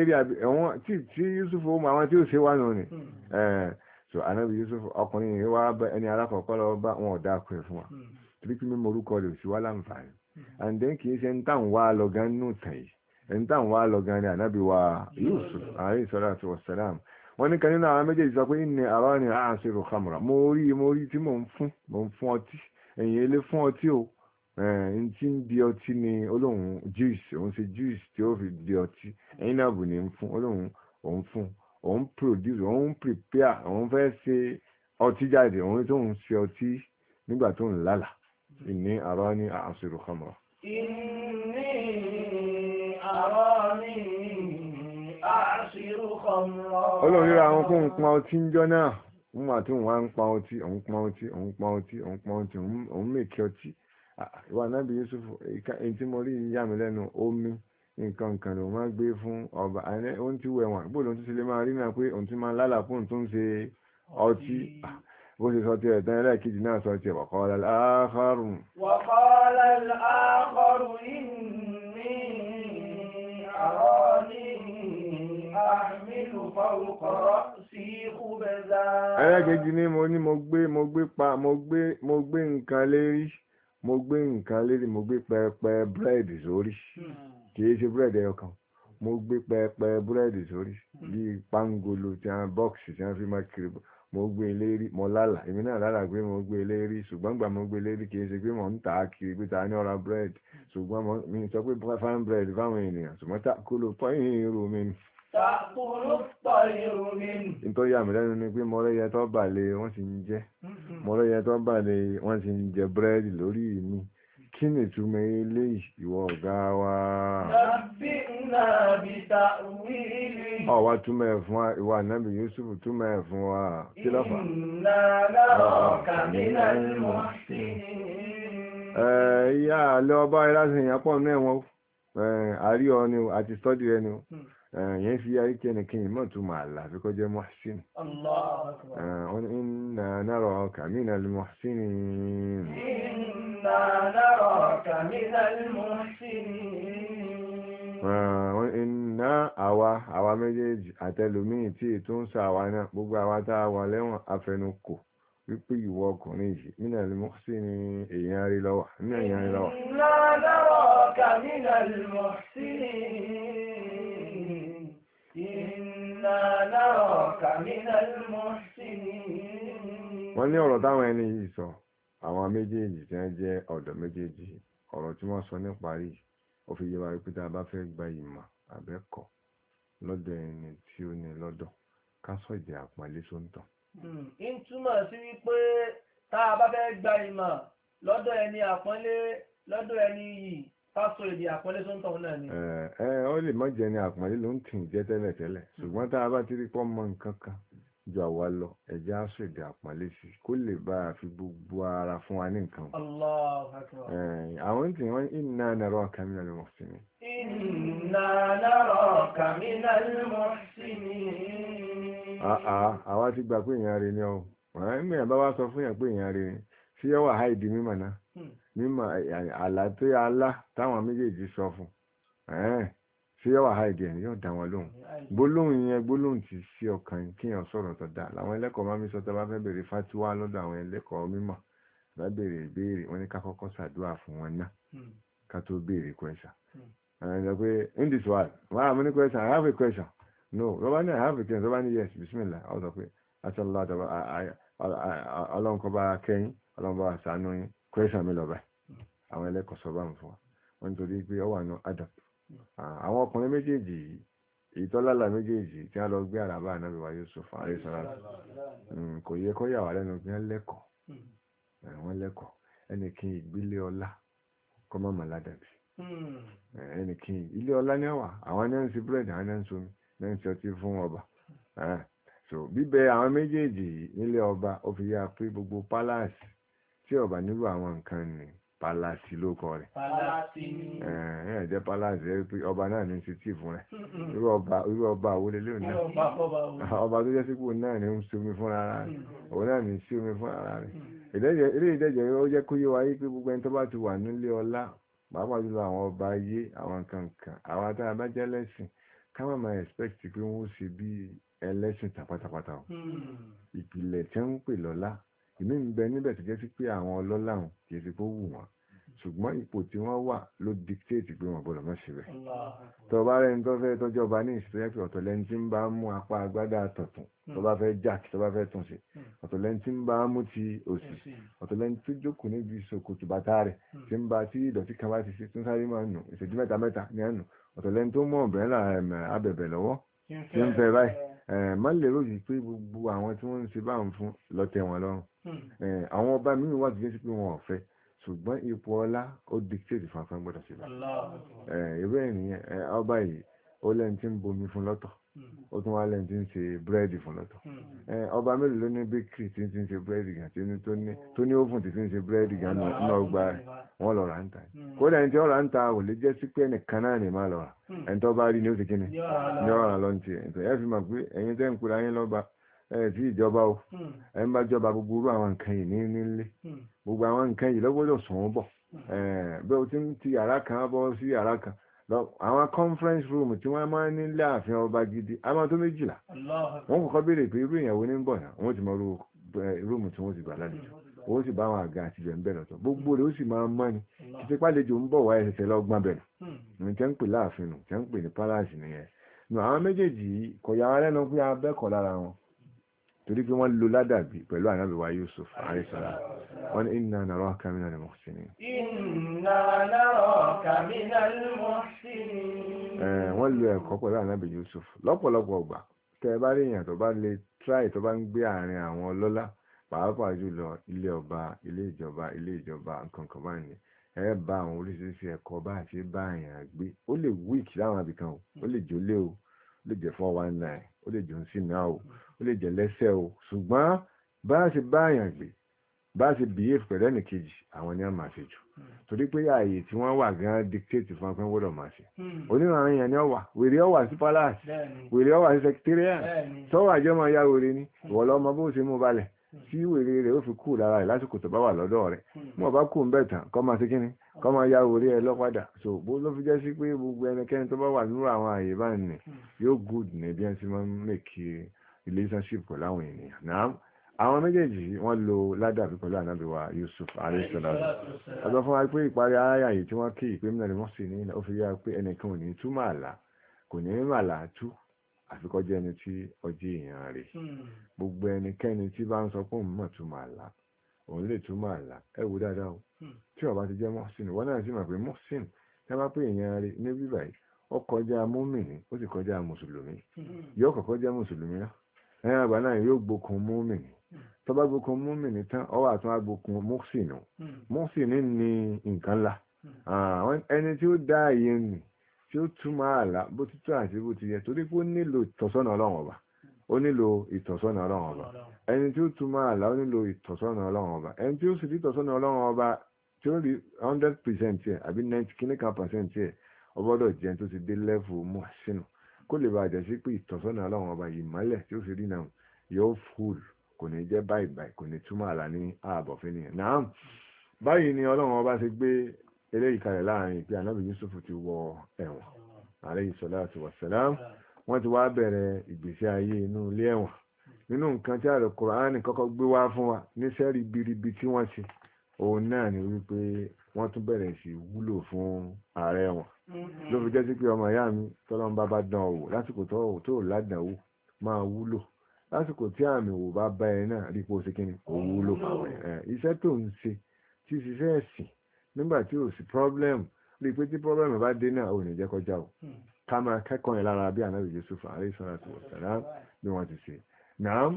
eré àwọn tí Yusuf ó mọ àwọn tí ó ṣe wà nù ni hmm. so ànábì Yusuf ọkùnrin yìí wá ẹni alákọ̀ọ́kọ́ lọ bá wọn ọ̀dà kọ̀ ẹ̀ fún wa hmm. torí pé mímọ orúkọ rẹ̀ ò sí wá láǹfààní hmm. and then kì í ṣe ń tàn wá lọ gan nù tàn yìí ẹni táwọn wá lọ gan ni ànábì wa Yusuf alayhi salatu wassalam wọ́n ní kan nínú àwọn méjèèjì sọ pé inni arani a'asiru khamra mo rí mo rí tí mò ń fún mò ń fún ọtí ẹ̀yìn ilé fún ọtí o ẹ̀ẹ́n tí ń di ọtí ni olóhùn juice òun ṣe juice tí ó fi di ọtí ẹ̀yìn náà bù ní fún olóhùn òun fún òun produce òun prepare òun fẹ́ ṣe ọtí jáde òun tó ń ṣe ọtí nígbà tó ń lálà inni arani a'asiru khamra. inni Ọlọ́run ríra àwọn kó ń pa ọtí ń jọ náà wọ́n máa tún wá ń pa ọtí òun pa ọtí òun pa ọtí òun pa ọtí òun mèkì ọtí ìwà náàbì Yusuf èyí tí mo rí yà mí lẹ́nu omi nǹkan nǹkan ló máa gbé fún ọba òun ti wẹ̀ wọ̀n bóòlù tó ti lè máa rí náà pé òun ti máa lálà fún tó ń ṣe ọtí bó ṣe sọ ti ẹ̀ tán ẹlẹ́ẹ̀kejì náà sọ ti ẹ̀ wọ̀kọ́ ẹlẹ́kejì ni mo ní mo gbé mo gbé pa mo gbé mo gbé nǹkan lérí mo gbé nǹkan lérí mo gbé pẹpẹ búrẹ́dì sórí kì í ṣe búrẹ́dì ẹyọkan mo gbé pẹpẹ búrẹ́dì sórí bíi pangolo tí wọn bọ́ọ̀sì tí wọn fi máa kiri mo gbé e lérí mo lálà èmi náà lálà pé mo gbé e lérí ṣùgbọ́n gbà mo gbé e lérí kì ṣe pé mo ń tà á kiri pé ta ní ọ̀rá búrẹ́dì ṣùgbọ́n mi sọ pé fine bread fáwọn ènìyàn ṣùgbọ́n tá kó lo pọ́ìn irú mi ni. Ìtọ́ yà mí lẹ́nu ni pé mọ́rẹ́yẹ tó bàlẹ̀ wọ́n sì ń jẹ. Mọ́rẹ́yẹ tó bàlẹ̀ wọ́n sì ń jẹ búrẹ́dì lórí mi. Kí ni ìtumọ̀ ilé ìwọ ọ̀gá wa? Ọ̀wá túmọ̀ ẹ̀ fún wa, ìwà ànábì Yusuf túmọ̀ ẹ̀ fún wa. Kí ló fà? Ìyá àlọ́ ọba ìlàsìn ìyàpọ̀ náà wọ́n. Àrí ọ ni àti sọ́dí rẹ ni. Eh, yẹn fi yáyí kí ẹnì kìí mọ̀ tó máa là fi kọjá muhsin wọn iná nárọ̀ kàmínà muhsin wọ́n iná àwa àwa méjèèjì àtẹlùmíì tí ètò ń sa àwa náà gbogbo àwa tá a wà lẹ́wọ̀n afẹnukò wípé ìwọ ọkùnrin yìí nínú àlùmọ́sí ni èèyàn rí rí lọ́wọ́. nínú àlùmọ́sí ni wọ́n ní ọ̀rọ̀ táwọn ẹni yìí sọ àwọn méjèèjì tí wọ́n jẹ́ ọ̀dọ́ méjèèjì ọ̀rọ̀ tí wọ́n sọ níparí ó fi yé wa pé tá a bá fẹ́ gba ìmọ̀ àbẹ́kọ̀ lọ́dọ̀ ẹni tí ó ní lọ́dọ̀ ká sọ èdè àpọ́nlé sóńtàn. ń hmm, túmọ̀ sí wípé tá a bá fẹ́ gba ìmọ̀ lọ́dọ̀ ẹni àpọ́nlé lọ́dọ̀ ẹni yìí Pásọ̀ èdè àpọ́lé tó náà ni. Ẹ ó lè mọ́ jẹ ni àpọ́lé ló ń tì ń jẹ́ tẹ́lẹ̀ hmm. Ṣùgbọ́n tá a bá ti rí pọ́ mọ nǹkan kan ju àwa lọ, ẹ̀jẹ̀ á sọ èdè àpọ́lé sí i kó lè bá a fi gbogbo ara fún wa ní nǹkan. Àwọn tí wọ́n inna naraka minal muhsinin. Inna naraka minal muhsinin. Àwa ti gbà pé èèyàn ni ọ́. mímọ̀ àlá tó yà ńlá táwọn méjèèjì sọ fún ṣé yọ wà háìdì yóò dá wọn lóhùn gbólóhùn yẹn gbólóhùn ti sí ọkàn kíyàn sọ̀rọ̀ tó dáa làwọn ẹlẹ́kọ̀ọ́ máa sọ fatiwa lọdọ àwọn ẹlẹ́kọ̀ọ́ mímọ̀ bá bèrè ìbéèrè wọn ní ká kọ́kọ́ ṣàdúrà fún wọn náà ká tó bèrè in this world no robani I robani yes kẹ́yìn sànú kwẹ́sàn mi lọ́bẹ̀ àwọn ẹlẹ́kọ̀ọ́ sọ bá ń fún wa nítorí pé ọ wà adam àwọn ọkùnrin méjèèjì yìí ìtọ́lálà méjèèjì tí wọ́n lọ gbé àràbà ànábì wa Yusuf àríṣàlá hmm, kò yẹ kó yà wá lẹ́nu pé wọ́n lẹ́kọ̀ọ́ hmm. eh, wọ́n lẹ́kọ̀ọ́ ẹnì kí n ìgbélé ọlá kọ́ má mà ládàbí hmm. eh, ẹnì kí n ilé ọlá ní àwà àwọn ní ń búrẹ́dì àwọn ní ń ṣomi ní ń ọtí fún ọba eh, so bíbẹ àwọn méjèèjì nílé ọba ó fi yá pé gbogbo pálásì tí ọba nílò àwọn nǹkan ni palasi ló kọ rẹ̀ ẹ̀ẹ́ jẹ́ palasi ẹ pé ọba náà ní ti tíì fún rẹ̀ irú ọba àwọlé lè ní ọba tó jẹ́ sípò náà ní ń sómi fún ara rẹ̀ òun náà ní sí omi fún ara rẹ̀ ilé ìdẹ́jẹ̀ ó jẹ́ kó yé wa yí pé gbogbo ẹni tó bá ti wà nílé ọlá pàápàá jùlọ àwọn ọba ayé àwọn kankan àwọn atára bá jẹ́ lẹ́sìn ká má máa expect pé wọ́n ó ṣe bí ẹlẹ́sìn tàpátàpátà mm. ìpìlẹ̀ tí wọ́n ń pè lọ́lá ìmí ń bẹ níbẹ̀ tó jẹ́ sí pé àwọn ọlọ́lá wọn kì í ṣe kó wù wọ́n ṣùgbọ́n ipò tí wọ́n wà ló dictate pé wọ́n gbọ́dọ̀ mọ́ síbẹ̀ tó bá rẹ̀ ń tó fẹ́ tọ́jọba ní ìsìnkú ọ̀tọ̀ lẹ́ni tí ń bá mú apá agbádá tọ̀tún tó bá fẹ́ jack tó bá fẹ́ tún ṣe hmm. ọ̀tọ̀ lẹ́ni tí ń bá mú ti òsì ọ̀tọ̀ lẹ́ni tó jókòó níbi ìṣòkòtò bàtà rẹ̀ hmm. tí ń bá tí ìdọ̀tí kan bá ti ṣe tún sáré máa nù ìṣẹ́jú mẹ́ta mẹ́ta ní ẹnu ọ̀tọ̀ lẹ́ni tó mú ọ̀bẹ̀rẹ̀ abẹ̀bẹ̀ lọ́wọ́ tí ń fẹ́ báyìí Eh, má lérò yìí pé gbogbo àwọn tí wọ́n ń ṣe bá ń fún lọ́tẹ̀ wọn lọ́rùn hmm. eh, àwọn ọba míì wà tó pé wọn ò fẹ́ ṣùgbọ́n ipò ọlá ó dictate fún afẹ́ gbọ́dọ̀ sí i. ìwé ènìyàn eh, ọba yìí ó lẹ́ni tí ń lọ́tọ̀ ó tún wá lẹ́yìn tí ń ṣe búrẹ́dì fún lọ́tọ̀ hmm. ọba mélòó ló ní bíkìrì tí ń ṣe búrẹ́dì gan tó ní ófùn tí ń ṣe búrẹ́dì gan náà gba wọn lọ rà ń ta hmm. kódà ẹni tí ó rà ń ta ò lè jẹ́ sí pé ẹnìkan náà ní máa lọ rà hmm. ẹni tó bá rí ni ó ti kíni ní ọ̀ràn lọ ti ẹ̀ fi mọ̀ pé ẹ̀yin tẹ́ ń kura yín lọ́ba ẹ̀ ìjọba o ẹ̀ ń bá jọba gbogbo irú o ti ń ti yàrá kan bọ́ sí àwọn conference room tí wọ́n máa ń ní láàfin ọba gidi a máa tó méjìlá wọ́n kọ́kọ́ béèrè pé irú ìyàwó ní ń bọ̀ náà wọ́n ti mọ rúùmù tí wọ́n ti gbà lálejò wọ́n sì bá àwọn àga àti ìjọ ń bẹ̀rẹ̀ tán gbogbo rẹ̀ ó sì máa ń mọ́ni títí pàlejò ń bọ̀ wá ẹsẹ̀ lọ́gbọ́n bẹ̀rẹ̀ hmm. ní tẹ́ ń pè láàfin nù tẹ́ ń pè ní palace nìyẹn nù àwọn méjèèjì kò yà wá lẹ́nu pé abẹ́kọ̀ lára wọn torí pé wọ́n lo ládàbí pẹ̀lú ànábì wa Yusuf àrísàlá wọ́n ní inna naraka minal muhsinin. inna naraka minal muhsinin. wọ́n lo ẹ̀kọ́ pẹ̀lú ànábì Yusuf lọ́pọ̀lọpọ̀ ọgbà tẹ́ ẹ bá rí èèyàn tó bá lè tíráì tó bá ń gbé àárín àwọn ọlọ́lá pàápàá jùlọ ilé ọba ilé ìjọba ilé ìjọba nǹkan kan bá ní ẹ bá àwọn oríṣiríṣi ẹ̀kọ́ bá àti bá èèyàn gbé ó lè wíìkì láwọn àbìkan ó lè jólé ó lè jẹ́ 419 ó lè jòun sí náà o ó lè jẹ́ lẹ́sẹ̀ o ṣùgbọ́n bá a ṣe bá àyàn gbé bá a ṣe bìyèfù pẹ̀lú ẹnì kejì àwọn ni a máa ṣe jù hmm. torí pé ààyè tí wọ́n wà gan dictate fún akẹ́ gbọ́dọ̀ máa ṣe hmm. onírànà èèyàn ni ó wà wèrè ó wà sí palace wèrè ó wà sí secretariat sọ́wọ́ àjọ máa yá wèrè ni hmm. ìwọ lọ́mọ bó ṣe mú balẹ̀ tí wèrè rẹ̀ ó fi kú lára rẹ̀ lásìkò tó bá wà lọ́dọ̀ rẹ̀ mọ̀ bá kú bẹ́ẹ̀ tán kọ́ máa ṣe kí ni kọ́ máa ya orí ẹ lọ́padà so bó ló fi jẹ́ sí pé gbogbo ẹnikẹ́ni tó bá wà nínú àwọn àyè bá nì yóò good ní bí wọ́n ti máa ń mèkì relationship pẹ̀lú àwọn ènìyàn náà àwọn méjèèjì wọ́n lo ládàbí pẹ̀lú ànábíwá Yusuf alayisalaam ọjọ́ fún wa pé ìparí ayá yìí tí wọ́n kí ìpé mìíràn ni wọ́n sì ní ó fi yá pé ẹnìkan ò ní túmọ̀ àlá kò ní màlá tú àfikọ́jẹ́ ẹni tí ọjọ́ èèyàn rè gbogbo ẹnikẹ́ni tí bá ń sọ pé òun mọ̀ túmọ̀ àlá òun lè túmọ̀ àlá ẹ wò dáadáa o tí ọba ti jẹ́ mọ́sìn wọn náà sì mọ̀ pé mọ́sìn tí wọ́n pè èèyàn rè ní bíbáyìí ó kọjá mùmínì ó sì kọjá mùsùlùmí yóò kọ́kọ́ jẹ́ mùsùlùmí náà ẹ̀yìn àgbà náà yóò gbókun múmìnì tó bá gbókun múmìnì tán ọwọ́ àtún agbókun mọ́sìnì mọ́sìnì ni nǹkan ńlá ẹni tí ó dá ààyè nì tí ó túmọ̀ àlá bó ti tó àti bó ti yẹ torí pé ó nílò ìtọ́sọ́nà ọlọ́run ọba ó nílò ìtọ́sọ́nà ọlọ́run ọba ẹni tí ó túmọ̀ àlá ó nílò ìtọ́sọ́nà ọlọ́run ọba ẹni tí ó sì rí ìtọ́sọ́nà ọlọ́run ọba tí ó rí hundred percent yẹ àbí ninety kìíní kan percent yẹ ọgbọ́dọ̀ jẹun tó ti dé lẹ́fù mọ́sìnì kó lè bàa jẹ́ sí pé ìtọ́sọ́nà ọlọ́run ọba yìí mọ́lẹ̀ tí ó fi rí náà yóò fúl kò ní jẹ́ báyìí báyìí kò ní túmọ̀ àlà ní ààbọ̀ fún nìyẹn náà báyìí ni ọlọ́run ọba ṣe gbé eléyìí kalẹ̀ láàrin pé anábì Yusuf ti wọ ẹ̀wọ̀n alayhi salatu wassalam wọ́n ti wá bẹ̀rẹ̀ ìgbésí ayé inú ilé ẹ̀wọ̀n nínú nǹkan tí àlùkùránì kọ́kọ́ gbé wá fún wa níṣẹ́ ribiribi tí wọ́n ṣe òun náà ni wípé wọ́n tún bẹ̀rẹ̀ sí wúlò fún ààrẹ wọn mm-hmm. ló fi jẹ́ sí pé ọmọ ìyá mi tọ́lọ́n bá bá dán wò lásìkò tó ò tó ládàáwò máa wúlò lásìkò tí àmì wò bá bá ẹ náà rí pé ó ṣe kí ni ó wúlò mm-hmm. iṣẹ́ tó ń ṣe tí ṣiṣẹ́ ẹ̀sìn nígbà tí ò sí pọ́blẹ́mù rí pé tí pọ́blẹ́mù bá dé náà ò ní jẹ́ kọjá o mm-hmm. ká máa kẹ́kọ̀ọ́ yẹn lára bí ànábì Yusuf alayhi salatu wa salam bí wọ́n ti ṣe nàám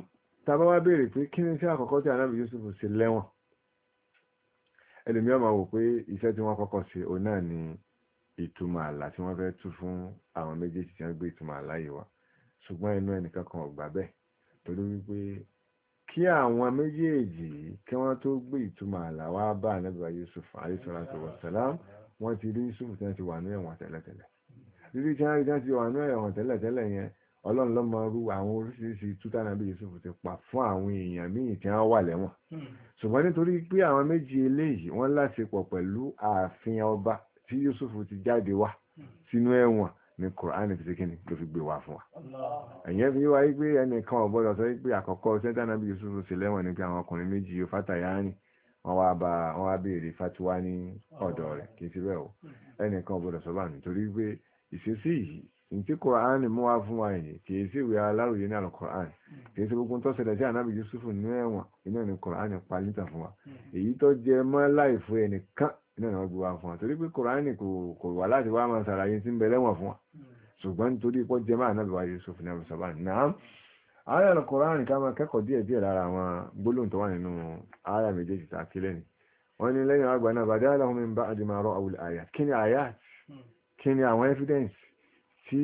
tá a bá wá béèrè pé kí iṣẹ́ àkọ́kọ́ tí ànábì Yusuf ṣe lẹ́wọ̀n ẹlòmí ọmọ wò pé iṣẹ́ tí wọ́n kọ́kọ́ ṣe òun náà ni ìtumọ̀ àlá tí wọ́n fẹ́ tú fún àwọn méjèèjì tí wọ́n gbé ìtumọ̀ àlá yìí wá ṣùgbọ́n inú ẹnìkan kan ò gbà bẹ́ẹ̀ torí wípé kí àwọn méjèèjì kí wọ́n tó gbé ìtumọ̀ àlá wá bá ànábìwá Yusuf alayhisalatu wasalam wọ́n ti rí Yusuf tí wọ́n ti wà ní ẹ̀wọ̀n tẹ́lẹ̀tẹ́lẹ̀ ọlọ́run ló mọ irú àwọn oríṣiríṣi tútà nàbí Yusuf ti pa fún àwọn èèyàn míì tí wọ́n wà lẹ́wọ̀n hmm. ṣùgbọ́n nítorí pé àwọn méjì eléyìí wọ́n láṣepọ̀ pẹ̀lú ààfin ọba tí Yusuf ti jáde wá hmm. sínú ẹ̀wọ̀n ní Quran fi kíni ló fi gbé wá fún wa ẹ̀yẹ́ fi wáyé pé ẹnìkan ò gbọ́dọ̀ sọ pé àkọ́kọ́ sẹ́ńtà nàbí Yusuf ti lẹ́wọ̀n ni pé àwọn ọkùnrin méjì yóò fátàyáni wọ́n wá bá wọ́n wá béèrè fatiwa ní ọ̀dọ̀ rẹ̀ kì í ti bẹ́ẹ̀ o hmm. ẹnìkan ò gbọ́dọ̀ sọ bá mi torí pé ìṣesí yìí nti koran mú wá fún wa yìí kì í sí ìwé aláròyé náà koran kì í sí gbogbo tó ṣẹlẹ̀ sí ànábì yusufu ní ẹ̀wọ̀n iná ní koran pa níta fún wa mm-hmm. èyí tó jẹ mọ́ láìfo ẹnìkan iná ní wọ́n gbé wá fún wa torí pé koran kò wá láti wá máa ṣàlàyé tí ń bẹ lẹ́wọ̀n fún wa mm-hmm. ṣùgbọ́n nítorí pọ́ jẹ mọ́ ànábì wa yusufu ní ẹ̀wọ̀n sọ́ba náà àyà ní koran ká máa kẹ́kọ̀ọ́ díẹ̀ díẹ̀ lára àwọn gbólóhùn tó wà nínú àyà méjèèjì tá a ni wọ́n ní lẹ́yìn àgbà náà bàdé àlàhùn mi ń bá àdìmọ̀ àrọ́ àwùlẹ̀ àyà kí ni mm-hmm. àyà evidence tí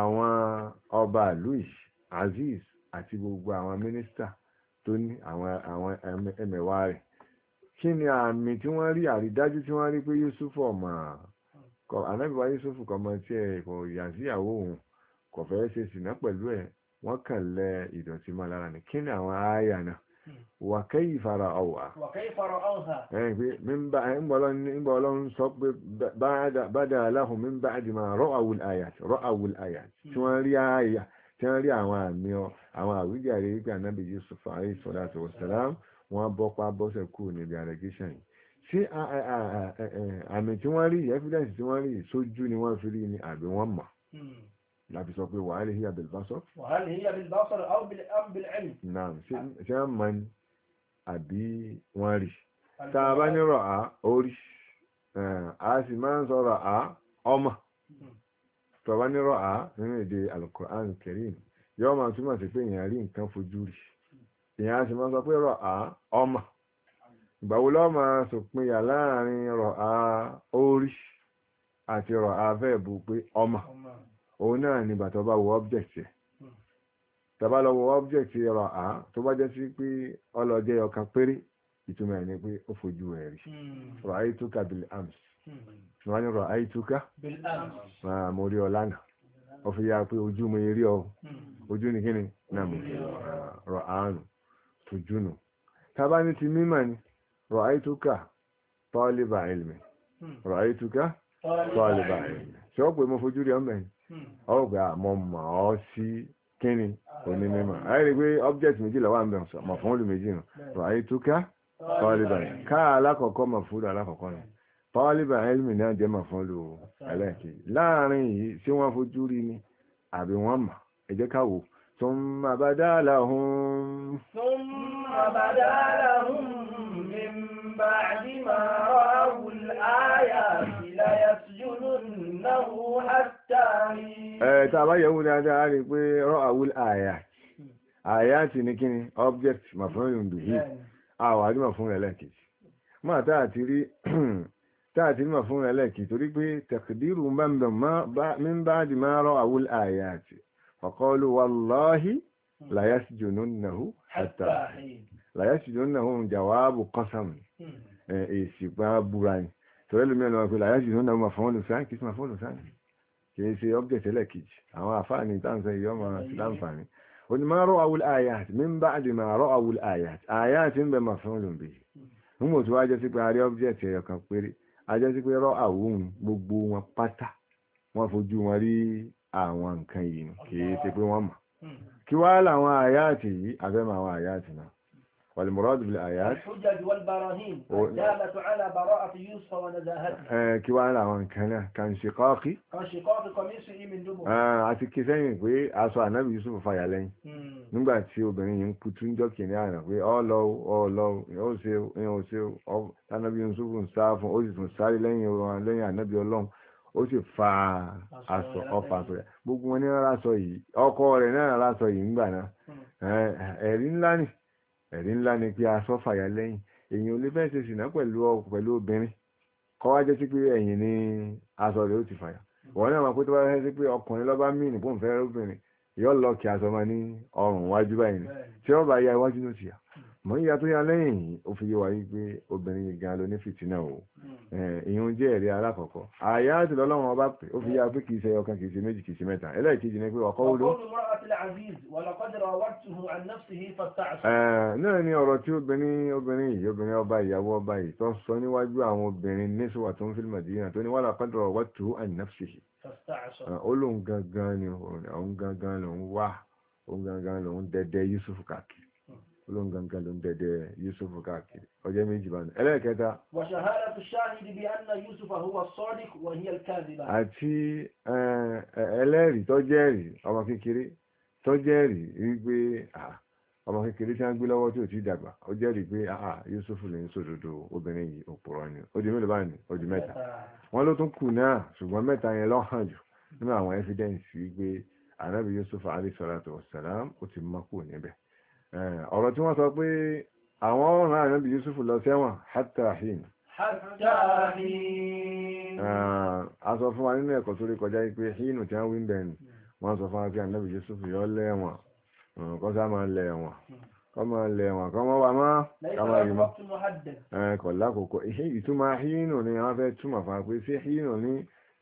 àwọn ọba louis aziz àti gbogbo àwọn mínísítà tó ní àwọn ẹmẹ̀wà rẹ̀ kí ni àmì tí wọ́n rí àrídájú tí wọ́n rí pé yusuf ọmọ anábìwá yusuf kọmọ tí ẹ kò yà síyàwó òun kò ṣe sìná pẹ̀lú ẹ̀ wọ́n kàn lẹ ìdọ̀tí mọ́ lára ni kí ni àwọn ááyà náà وكيف رأوها وكيف رأوها يعني من بعد صب بعد بدا له من بعد ما رأوا الآيات رأوا الآيات شو الآية tí wọ́n rí àwọn àmì àwọn àwíjàre wípé ànábì Yusuf alayhi salatu wassalam wọ́n bọ́pá bọ́sẹ̀ kú níbi allegation yìí ṣé àmì tí wọ́n rí evidence tí wọ́n rí sójú ni wọ́n fi rí ni àbí wọ́n mọ̀ láti sọ pé wàhálà híyà bilbasar. wàhálà híyà bilbasar aw bil'ilm. naam ṣé wọ́n mọ ni àbí wọ́n rí tá a bá ní rọ̀ á orí a sì máa ń sọ̀rọ̀ á ọmọ tó bá ní rọ̀ á nínú èdè alukur'an karim yóò máa túmọ̀ sí pé èèyàn rí nǹkan fojú rí èèyàn a sì máa sọ pé rọ̀ á ọmọ ìgbàwo lọ́ọ́ máa sòpinya láàrin rọ̀ á orí àti rọ̀ á fẹ́ẹ̀ bu pé ọmọ òun náà ni bàtọ́ bá wo object yẹ hmm. tàbá lọ wo object rọ à tó bá jẹ́ sí pé ọlọ́jẹ́ ọkàn péré ìtumọ̀ ẹ̀ ni pé ó fojú ẹ̀ rí rọ ayé tó kàbìlì arms wọ́n ní rọ̀ àìtúká mo rí ọ lánàá ọ fi yá pé ojú hmm. mo rí ọ ojú ní kíni náà mo rọ̀ àánú tójú nù tábà ní ti mímọ̀ ni rọ̀ àìtúká tọ́ọ̀lìbà ilmi rọ̀ àìtúká tọ́ọ̀lìbà ilmi ṣọ́ pé mo fojú rí ọmọ ẹ̀ ọ gbà mọ̀ mọ̀ ọ́ sí kíni onímọ̀ ayé rí pé object méjìlá wà ń bẹ̀rù sọ mọ̀ fún olù méjì nù ràyè tó ká tọ́líbà ká alákọ̀ọ́kọ́ mọ̀ fúdù alákọ̀ọ́kọ́ nù tọ́líbà ẹlmì náà jẹ́ mọ̀ fún olù ẹlẹ́ẹ̀kejì láàrin yìí ṣé wọ́n fojú rí ni àbí wọ́n mọ̀ ẹ jẹ́ ká wò ثم بدا لهم ثم بدا لهم من بعد ما رأوا الآيات ليسلمن Ẹ̀ tàbá yẹ̀wò dáadáa rí pé rọ́ àwúl àyà. Àyà ti ní kíni object mafúnrin bìí. Àwà ní mafúnrin ẹlẹ́kejì. Máa táà ti rí táàtì mọ̀ fún ẹlẹ́kì torí pé tẹ̀kìdírù ń bá ń bẹ̀ mí bá di máa rọ àwúl àyà àti ọ̀kọ́lù wàláhí láyásìjònúnàhù jawabu kọ́sàmù hmm. èsì pa búra ni torí lómi ẹ̀lọ́wọ́ pé làyájú ló ń dàgbà fún olùsáyìn kìí sí máa fún olùsáyìn kìí ṣe ọ́bjẹ̀tì ẹlẹ́kejì àwọn àfáàní táǹsẹ̀ yìí ọmọ láǹfààní ó ní máa rọ́ awul ayat min ba'di máa rọ́ awul ayat ayat ń bẹ máa fún olùbí ń mò tó wájọ́ sí pé a rí ọ́bjẹ̀tì ẹ̀yọ̀ kan péré ajọ́ sí pé rọ́ àwọn gbogbo wọn pátá wọ́n fojú wọn rí àwọn nǹkan yìí kìí ṣe pé wọ́n mọ̀ hmm. kí wá làwọn ayat yìí abẹ́mọ̀ àwọn ayat náà والمراد بالآيات الحجج والبراهين الدالة على براءة يوسف ونزاهته kí wá láwọn nǹkan náà كانشقاق كانشقاق قميصه من دبر àti kí sẹ́yìn pé aṣọ ànábì Yusuf fàyà lẹ́yìn nígbà tí obìnrin yìí ń kutu ń jọ́kì ní àná pé ọ lọ ọ lọ ó ṣe ó ṣe ọ ànábì Yusuf ń sá fún ó sì tún sáré lẹ́yìn ọ̀rọ̀ lẹ́yìn ànábì Ọlọ́run ó sì fa aṣọ ọfà aṣọ rẹ̀ gbogbo wọn ní rárá aṣọ yìí ọkọ rẹ̀ náà rárá aṣọ yìí ńgbà náà ẹ̀rí ńlá nìí ẹ̀rí ńlá ni pé aṣọ fàyà lẹ́yìn èyàn olè bẹ́ẹ̀ ṣe ṣìnà pẹ̀lú ọkọ̀ pẹ̀lú obìnrin kọ́ wá jẹ́ sí pé ẹ̀yìn ni aṣọ rẹ̀ ó ti fàyà wọ́n náà máa kó tó bá fẹ́ sí pé ọkùnrin lọ́ba míì nìbò ń fẹ́ obìnrin yóò lọ kí aṣọ máa ní ọrùn wájú báyìí ni tí ó bá ya iwájú ló ti mọ̀ ń yàtọ̀ ya lẹ́yìn ó fi yé wa wípé obìnrin gan ló ní fìtínà o ìyún hmm. jẹ́ ẹ̀rí alákọ̀ọ́kọ́ àyà àti lọ́lọ́run ọba pé ó fi yá pé kìí ṣe ọ̀kan kìí ṣe méjì kìí ṣe mẹ́ta ẹlẹ́ẹ̀kejì ni pé ọkọ̀ wúlò. náà ni ọ̀rọ̀ tí obìnrin obìnrin yìí obìnrin ọba ìyàwó ọba yìí tó sọ níwájú àwọn obìnrin níṣòwà tó ń fi Mádínà tó ní wà òun gangan lòun olóhùn gangan ló ń dẹ̀dẹ̀ Yusuf káàkiri ọjọ́ méjì bá ní. ẹlẹ́ẹ̀kẹta. wa shahadatu shahidi bi anna Yusufa huwa sadiq wa hiya al-kadhiba. àti ẹlẹ́rìí tọ́jẹ́rìí ọmọ kékeré tọ́jẹ́rìí wípé ọmọ kékeré tí wọ́n gbé lọ́wọ́ tí ò ti dàgbà ó jẹ́rìí pé Yusuf lè ń sòdodo obìnrin yìí òpùrọ̀ ni ó di mélòó bá ní ó di mẹ́ta wọ́n ló tún kù náà ṣùgbọ́n mẹ́ta yẹn ló jù nínú àwọn evidence wípé Ànábì Yusuf alayhi salatu wassalam ó ti mọ́kù níbẹ̀ ọ̀rọ̀ tí wọ́n sọ pé àwọn ọ̀rọ̀ ànábì Yusuf lọ sẹ́wọ̀n hatahin a sọ fún wa nínú ẹ̀kọ́ tó rí kọjá pé hínú tí wọ́n wí bẹ́ẹ̀ wọ́n sọ fún wa pé ànábì Yusuf yọ lẹ́wọ̀n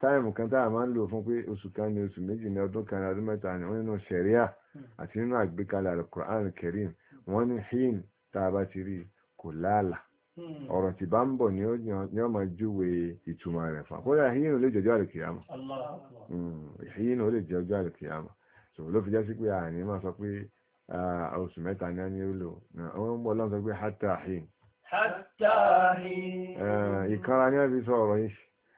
táìmù kan táà máa ń lò fún pé oṣù kan ní oṣù méjì ní ọdún kan ọdún mẹ́ta ní nínú sẹ̀ríà hmm. àti nínú àgbékalẹ̀ alukur'an wọ́n ní hin tá a bá ti rí kò láàlà hmm. ọ̀rọ̀ tí bá ń bọ̀ ni ó máa júwe ìtumọ̀ rẹ̀ fún akọ́dà hin lè hmm, so ló fi jẹ́ sí sọ pé oṣù mẹ́ta ní ó lò sọ pé ìkanra ni wọ́n fi sọ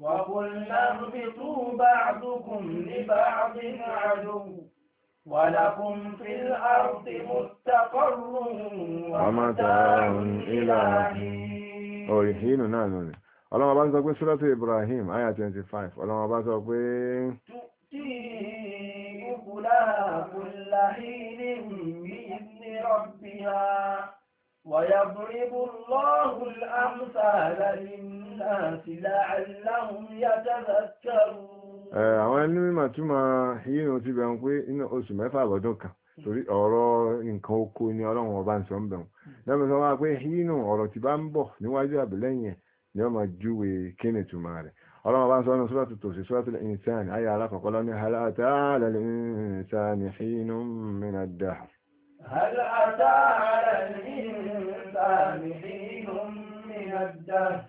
وقلنا اهبطوا بعضكم لبعض عَدُوٌّ وَلَكُمْ فِي الْأَرْضِ مستقر ومتاع إلى حين أرحين نانوني ọlọ́wọ́ bá ń sọ pé ṣúlọ́tù Ibrahim ayà 25 ọlọ́wọ́ bá sọ pé tí ìkùlá kùlá hìí ní ìrìnlẹ̀ ọ̀bí ha ويضرب الله الأمثال للناس لعلهم يتذكرون àwọn ẹni mímọ̀ tí ma yíyan ti bẹ̀rùn pé oṣù mẹ́fà lọ́dún kan hmm. torí ọ̀rọ̀ nǹkan oko ni ọlọ́run ọba ń sọ ń hmm. wá pé ọ̀rọ̀ ọlọ́run ọba ń sọ ọ́nà هل أتى على الإنسان حين من الدهر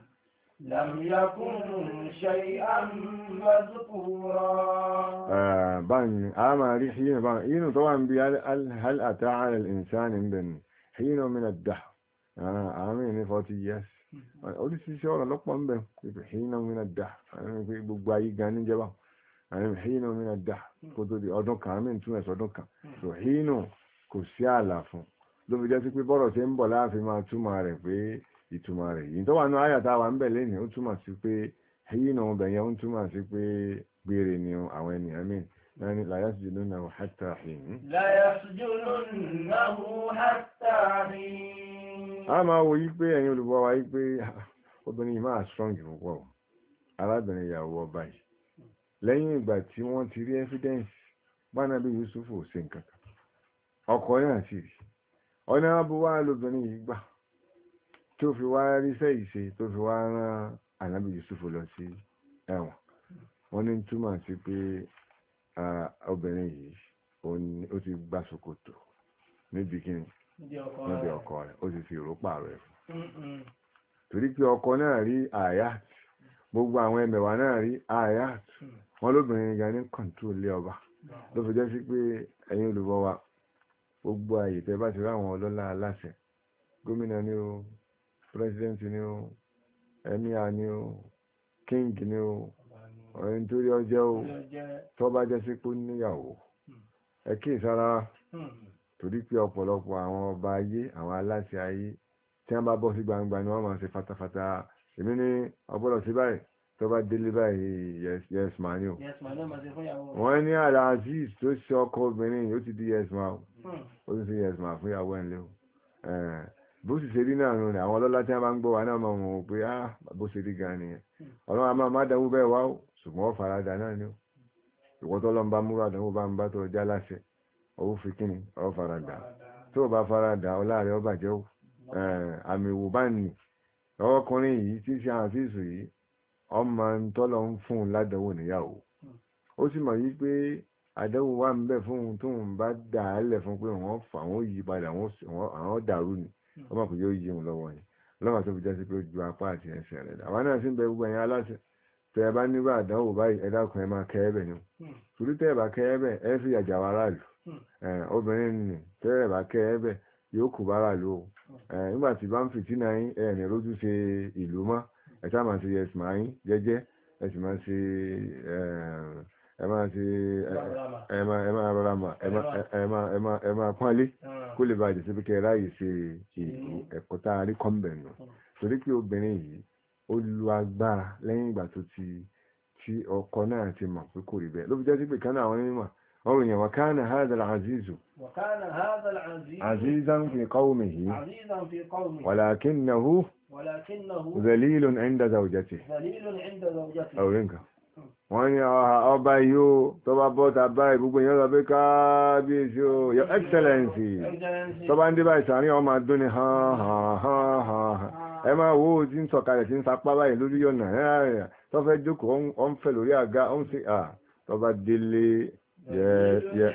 لم يكن شيئا مذكورا بان اما ري حين بان اينو طبعا بيال هل اتى على الانسان بن حين من الدهر انا امين فوتي يس oríṣiríṣi ọ̀rọ̀ lọ́pọ̀ ń bẹ̀ ìhìnà mìíràn dà gbogbo ayé gan ní jẹba ìhìnà mìíràn dà kó tó di ọdún kan àmì ìtúnẹ̀sọ ọdún kan so hìnà kò sí ààlà fún ló fi jẹ́ sí pé bọ́rọ̀ ṣe ń bọ̀ láàfin máa túmọ̀ rẹ̀ pé ìtumọ̀ rẹ̀ yìí tó wà ní àyàtà wa ń bẹ̀ lẹ́nìí ó túmọ̀ sí pé èyí náà ọbẹ̀ yẹn ó túmọ̀ sí pé gbére ni àwọn ènìyàn míì náà ni láyà jùlọ náà hátà àhìn. láyà sí jùlọ náà hátà a máa wo yìí pé ẹ̀yin olùbọ̀ wa yìí pé ah, obìnrin yìí máa strong púpọ̀ arábìnrin ìyàwó ọba yìí lẹ́yìn ìgbà tí wọ́n ti rí evidence bánabi Yusuf ọkọ náà sì rí ọ̀nà abúwá lóbìnrin yìí gbà tó fi wá ríṣẹ́ ìṣe tó fi wá rán ànábì Yusuf lọ sí ẹ̀wọ̀n wọ́n ní túmọ̀ sí pé ti fi fún torí pé ọkọ náà rí àyàt gbogbo àwọn ẹmẹ̀wà náà rí mm. wọn lóbìnrin ní lé ọba ló fi jẹ́ sí pé gbogbo ààyè tẹ́ bá ti ráwọn ọlọ́lá aláṣẹ gómìnà ni o pírẹsidẹ́ǹtì ni o ẹ̀míà ni o kíngì ni o ọ̀rẹ́ nítorí ọjọ́ o tó bá jẹ́ sí pé níyàwó ẹ kí ìsára torí pé ọ̀pọ̀lọpọ̀ àwọn ọba ayé àwọn aláṣẹ ayé tí wọ́n bá bọ́ sí gbangba ni wọ́n máa ṣe fatafata èmi ní ọgbọ́dọ̀ sí báyìí tó bá délé báyìí yes man ni o wọ́n ní àlàáfíì tó ṣe ọkọ obìnrin yóò ti di yes man o ó ti fi ẹ̀sùn àfúnyàwó ẹ̀ lẹ́wọ̀ bó sì ṣe rí náà nù ní àwọn ọlọ́lá tí wọ́n bá ń gbọ́ wa náà máa mọ̀ pé á ah, bó ṣe rí gan nìyẹn ọlọ́run a máa má bẹ́ẹ̀ wá o ṣùgbọ́n ó farada náà ni ó ìwọ́tọ́ lọ́n bá múra dánwó bá ń bá tó já láṣẹ owó fi kíni ó farada tó o bá farada ọlá rẹ ó bàjẹ́ o àmì ìwò bá nì ọkùnrin yìí tí ṣe àfíìsù yìí ọmọ ń tọ́lọ ń fún un ládánwò níyàwó ó sì mọ̀ yí pé àdánwò wà ń bẹ fún tó ń bá dà á lẹ̀ fún pé wọ́n fà wọ́n yí padà àwọn dàrú ni hmm. wọ́n mọ̀ pé yóò yí òun lọ́wọ́ ni lọ́wọ́ tó fi jẹ́ pé ju apá àti ẹsẹ̀ rẹ̀ dà àwọn náà sì ń bẹ gbogbo ẹ̀yin aláṣẹ tẹ ẹ bá nírú àdánwò báyìí ẹ dákun máa kẹ́ ẹ bẹ̀ ni hmm. torí tẹ́ ẹ bá kẹ́ ẹ bẹ̀ ẹ fi àjà wa ráàlú hmm. obìnrin nì tẹ́ ẹ bá kẹ́ ẹ bẹ̀ yóò kù bá ráàlú o nígbà tí bá ń fìtínà yín ẹ̀ ní lójú ṣe ìlú mọ́ ẹ̀ sáà máa ṣe ẹ̀sìn ẹ máa ṣe ẹ máa rọra mà ẹ máa pọ́nlé kó lè bàjẹ́ síbi kẹ ráàyè ṣe mm-hmm. ẹ̀kọ́ tá a rí kọ́ńbẹ̀ nù mm-hmm. torí pé obìnrin yìí ó lu agbára lẹ́yìn ìgbà tó ti tí ọkọ náà ti mọ̀ pé kò rí bẹ́ẹ̀ ló fi jẹ́ sí pé kánà àwọn onímọ̀ ọrùn yẹn wàkánà hádàlá àzízù àzízàn fi kọ́wùmí yìí wàlákínnahu zalilun inda zaujati zalilun inda zaujati wọ́n ní ah, ah, ah, ọba yóò tọba bọ́ta báyìí gbogbo èèyàn lọ́bẹ́ káàbíyèsí o your excellency tọba ń débà ìsàárín ọmọ adó ni hàn hàn hàn hàn ẹ máa wo tí ń sọ̀kalẹ̀ tí ń sapá báyìí lórí ọ̀nà tọ́fẹ́ jókòó ọ̀n fẹ́ lórí àga ọ̀n sí à tọba délé yes yes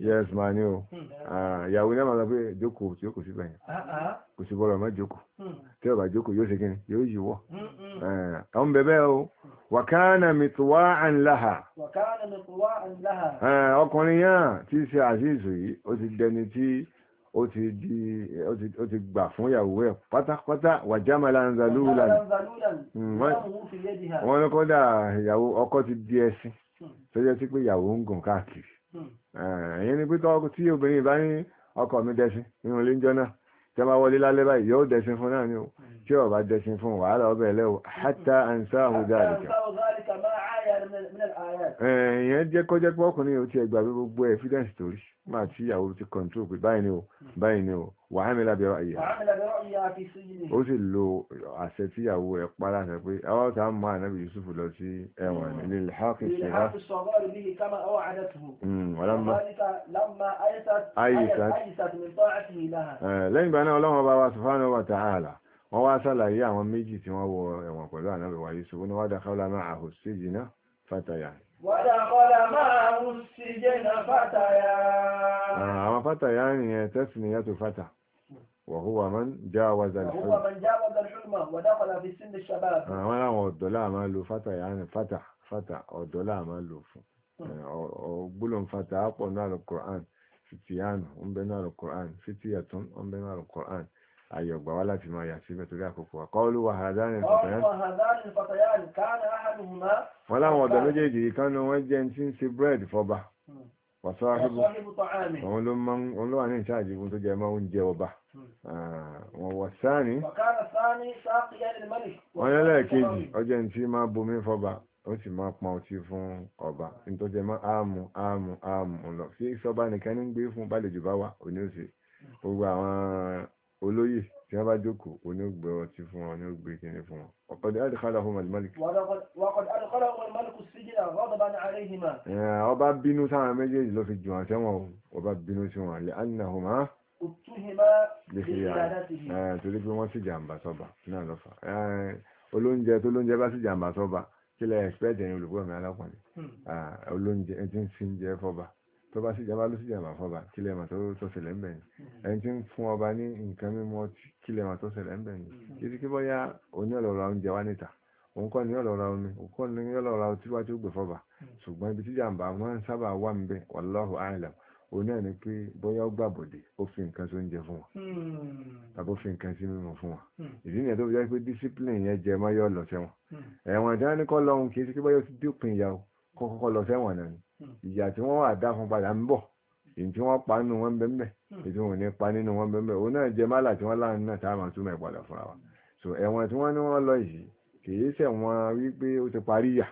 yes ma ni o hmm. ah, ìyàwó náà máa sọ pé jókòó tí ó kò sí bẹ̀yẹn ah, ah. kò sí bọ́lọ̀ má jókòó hmm. tí ó bá jókòó yóò ṣe kíni yóò yí wọ̀ hmm, eh, àwọn bẹ̀bẹ̀ o wàkánà mìtúwá ànláhà ọkùnrin yàn tí í ṣe àṣìṣù yìí ó ti dẹni tí ó ti di ó ti gbà fún ìyàwó ẹ̀ pátápátá wàjámàlá ń zalúùlà wọ́n ní kọ́dà ìyàwó ọkọ ti di ẹṣin tó yẹ sí pé ìyàwó ń gùn káàkiri hmm. ẹ̀yìn ni pé tí obìnrin bá ní ọkọ mi dẹṣin nínú ilé ńjọ náà tí a bá wọlé lálẹ́ báyìí yóò dẹṣin fún náà ni o hmm. tí ó bá dẹṣin fún wàhálà ọbẹ̀ lẹ́wọ̀ hátà àǹsáhùn dáadìkà ẹ̀yẹn jẹ́ kọjá pé ọkùnrin ò ti ẹ̀gbà pé gbogbo evidence tó rí máa tí ìyàwó ti control pé báyìí ni o hmm. báyìí ni o wàhálà lábẹ́rọ ìyá ó sì lo àṣẹ tí ìyàwó rẹ̀ pàdà sọ pé àwọn ọ̀tá mọ́ ànábì Yusuf lọ sí ẹ̀wọ̀n ní lè hákì sí rá lẹ́yìn ìgbà náà ọlọ́run ọba wa subhanahu wa ta'ala wọ́n wá sàlàyé àwọn méjì tí wọ́n wọ ẹ̀wọ̀n pẹ̀lú ànábì wa Yusuf ní wádà kọ́lá máa àhò sí jìnà fàtàyà ah, àwọn fàtàyà nìyẹn tẹ́sì nìyẹn tó fàtà wọ̀húwà mọ́n jáwàzà lẹ́fẹ́ àwọn àwọn ọ̀dọ́ láàmà lo fàtàyà ní fàtà fàtà ọ̀dọ́ láàmà lo fún hmm. eh, ọgbólóhùn fàtà ápọ̀ náà lọ Kùrán fìtìyànù ń bẹ náà lọ Kùrán fìtìyàtún ń bẹ náà lọ Kùrán ayọ̀ gbà wá láti máa yà síbẹ̀ torí àkókò wa kọ́ọ̀lù wà hàdánì fàtàyàn wọ́n láwọn ọ̀dọ́ méjèèjì kánú wọ́n jẹ́ tí ń ṣe bread fọba hmm. wàsá ahébù òun ló wà ní ìṣáàjì fún tó jẹ mọ́ oúnjẹ ọba hmm. ah, wọ́n wọ̀ sáàní wọ́n lẹ́lẹ́kejì ọjọ́ tí máa bomi fọba ó sì máa pọn ọtí fún ọba hmm. nítorí jẹ mọ́ áàmù áàmù áàmù ọ̀nà sí sọ́ba nìkan ní gbé fún bálejò bá wà òní òsè gbogbo àwọn olóyè tí wọ́n bá jókòó oní ògbé ọtí fún wọn ní ògbé kíní fún wọn ọ̀kọ̀dẹ̀ àdìkálà fún màlìmálìkì. ọba bínú sáwọn méjèèjì ló fi jù wọn sẹ́wọ̀n ọba bínú sí wọn lè ánìyàn hùmá torí pé wọ́n sì jàǹbá sọ́ba náà lọ́fà olóúnjẹ tó lóúnjẹ bá sì jàǹbá sọ́ba kí lẹ́ ẹ̀sìpẹ́ẹ̀tì ẹ̀yìn olùkọ́ mi alákùnrin hmm. olóúnjẹ ẹ̀ tó bá sì jàmbá ló sì jàmbá fọba kílẹ̀ tó tó ń bẹ̀ yẹn mm-hmm. ẹni tí ń fún ọba ní nǹkan mímọ́ kílẹ̀ mà ń bẹ̀ yẹn títí mm-hmm. kí bọ́yá oní oúnjẹ wá níta òun kọ́ ni ọ̀lọ́ra omi òun kọ́ ni ọ̀lọ́ra tí wá tí ó gbé fọba mm-hmm. ṣùgbọ́n ibi tí jàmbá wọn ń sábà wà ń bẹ̀ wallahu a'lam òun náà ni pé bọ́yá ó gbàbọ̀dé ó fi nǹkan tó ń jẹ fún wọn tàbí ó fi nǹkan sí mímu fún wọn ìdí nìyẹn tó fi jẹ́ pé discipline yẹn jẹ mọ́ yọ lọ sẹ́wọ̀n ẹ̀wọ̀n ìdánikọ́ lọ́hùn kì í sí pé bọ́yá ó ti dópin ìyá kọ́kọ́ lọ sẹ́wọ̀n náà ni ìyà tí wọ́n wà dá fún padà ń bọ̀ èyí tí wọ́n pa nínú wọn bẹ́ẹ̀ èyí tí wọ́n ní pa nínú wọn bẹ́ẹ̀ òun náà jẹ málà tí wọ́n láàánú náà táwọn túmọ̀ ẹ̀ fúnra wa so ẹ̀wọ̀n tí wọ́n ní wọ́n lọ yìí kìí ṣẹ̀wọ̀n wípé ó ti parí yà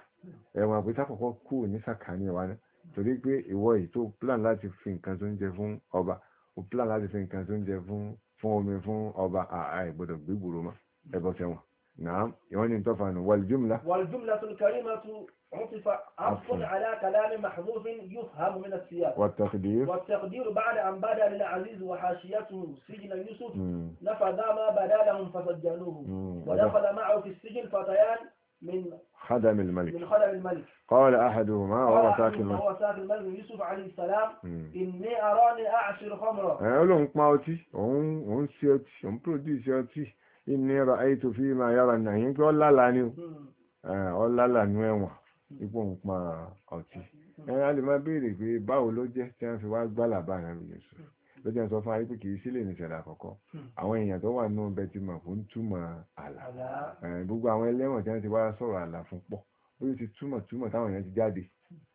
ẹ̀wọ̀n àpótí àkọ́kọ́ kù ní sàkání wa náà torí pé ìwọ yìí tó plan láti fi nǹkan tó ń jẹ fún ọba ó plan láti fi nǹkan tó ń jẹ fún fún omi fún ọba àà ìgbọ́dọ̀ gbígbòrò mọ́ ẹbọ sẹ́wọ̀n náà ìwọ́n ní tọ́fà nù wàlìjúmùlá. wàlìjúmùlá tó ní kárí máa tún عطف عطف على كلام محذوف يفهم من السياق والتقدير والتقدير بعد أن بدا للعزيز وحاشيته سجن يوسف نفذ ما بدا لهم فسجنوه ودخل معه في السجن فتيان من خدم الملك من خدم الملك قال أحدهما وهو ساكن الملك وهو ساكن الملك يوسف عليه السلام إني أراني أعصر خمرا أقول لهم ما أوتي هم سيأتي إني رأيت فيما يرى النعيم قال لا لا نيو آه، قال لا لا نيو ipò ń pa ọtí ẹ̀yìn a lè máa béèrè pé báwo ló jẹ́ tí wọ́n fi wá gbálà bá ànábì Yusuf ló jẹ́ sọ fún ayé pé kìí sílè ní ìṣẹ̀lẹ̀ àkọ́kọ́ àwọn èèyàn tó wà nínú bẹ́tì mọ̀ fún túmọ̀ àlà gbogbo àwọn ẹlẹ́wọ̀n tí wọ́n ti wá sọ̀rọ̀ àlà fún pọ̀ ó ti túmọ̀ túmọ̀ táwọn èèyàn ti jáde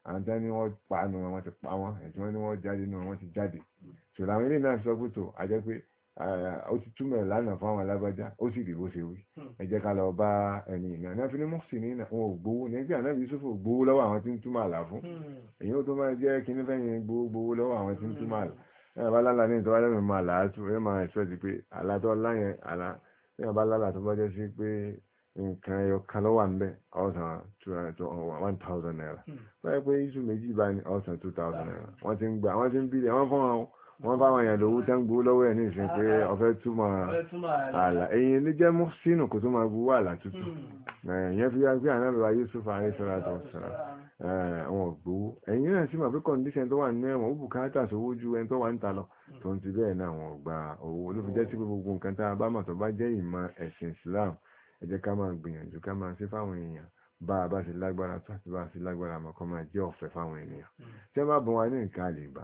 àwọn tí wọ́n ní wọ́n pa nù wọn ti pa wọn ẹ̀tí wọ́n ní wọ́n jáde nù wọn ti jáde ṣòlá àwọn eléyìí náà sọ pé tó àjẹ́ pé ó ti túmọ̀ lánàá fún àwọn alágbájá ó sì rí bó ṣe wí hmm. ẹ jẹ́ ká lọ bá ẹni ìgbà náà fi ní mọ́sìnì náà wọn ò gbowó nígbà náà Yusuf gbowó lọ́wọ́ àwọn tí ń túmọ̀ àlà fún hmm. èyí ó tó máa jẹ́ kíní fẹ́yìn gbowó gbowó lọ́wọ́ àwọn tí ń túmọ̀ hmm. àlà ẹ bá lálà ní ìtọ́wá lẹ́nu máa là á tù ẹ máa ẹ̀ṣọ́ ti pé àlá tó láyẹn àlá tí wọn bá lálà tó bá jẹ́ sí pé nǹkan ẹyọ kan uh, one thousand naira báyìí pé iṣu méjì bá ní ọ̀sán two thousand ah. naira wọ́n ti ń gbà wọ́n ti ń bí wọ́n bá wọn yàn lówó tán gbó lọ́wọ́ ẹ̀ ní ìsìn pé ọ̀fẹ́ túmọ̀ àlà ẹ̀yìn ní jẹ́ mọ́sínù kò tó máa buwọ́ àlà tútù hmm. ẹ̀yìn fi yá pé àná bàbá Yusuf àrẹ sọ́ra tó sọ́ra wọn ò gbowó ẹ̀yìn náà sì mọ̀ pé kọ́ndíṣẹ̀n tó wà nínú ẹ̀wọ̀n ó bùkátà sówó ju ẹni tó wà níta lọ hmm. tó ń ti bẹ́ẹ̀ náà wọn ò gba owó ló fi jẹ́ sí gbogbo nǹkan tá a bá mọ̀ tó bá jẹ́ ìmọ̀ ẹ̀sìn Islam ẹ jẹ́ ká máa gbìyànjú ká máa ṣe fáwọn èèyàn bá a bá ṣe lágbára tó àti bá a ṣe lágbára mọ̀ kó máa jẹ́ ọ̀fẹ́ fáwọn ènìyàn hmm. tí wọ́n bá bọ̀ wá ní nǹkan àlè gbà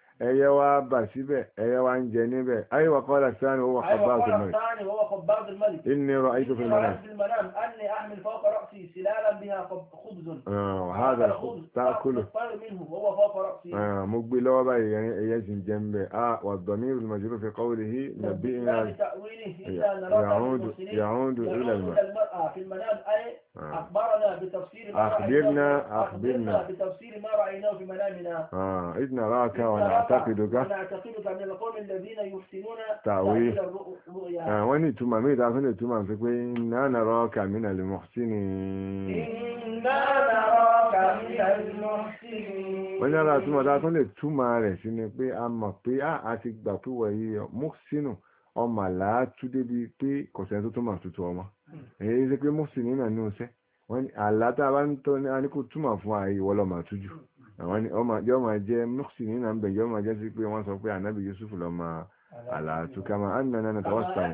ايوا باسيبه ايوا انجنيبه ايوا قال الثاني هو خباز الملك قال الثاني هو خباز الملك اني رايت في المنام اني احمل فوق راسي سلالا بها خبز اه وهذا الخبز تاكله طالب منه هو فوق راسي اه مقبل هو بقى يعني يجن جنبه اه والضمير المجرور في قوله نبينا بتاويله الا نرى يعود يعود الى المرأة في المنام اي اخبرنا بتفسير ما اخبرنا اخبرنا بتفسير ما رايناه في منامنا اه اذ راك ونعتقد تعتقدك تعويل wọ́n ní ìtumọ̀ mí ìta fún ìtumọ̀ fi pé inna naraka minal muhsinin inna naraka minal muhsinin wọ́n ní ara ìtumọ̀ ta tún lè túmọ̀ rẹ̀ sí ni pé a mọ̀ pé a ti gbà pé wọ̀nyí muhsinu ọmọ àlàátú débi pé kọ̀sẹ̀ tó túmọ̀ tuntun ọmọ èyí ṣe pé muhsinin náà ní oṣẹ́ wọ́n ní àlàátá bá ń tọ́ ní a ní kò túmọ̀ fún àìwọ́lọ́mọ̀ àtújù àwọn ni yọ́ máa jẹ́ nọ́ọ̀sì nínú àmbẹ̀ yọ́ máa jẹ́ sí pé wọ́n sọ pé ànábì Yusuf lọ máa àlàtú ká máa ánà náà tọwọ́sàn.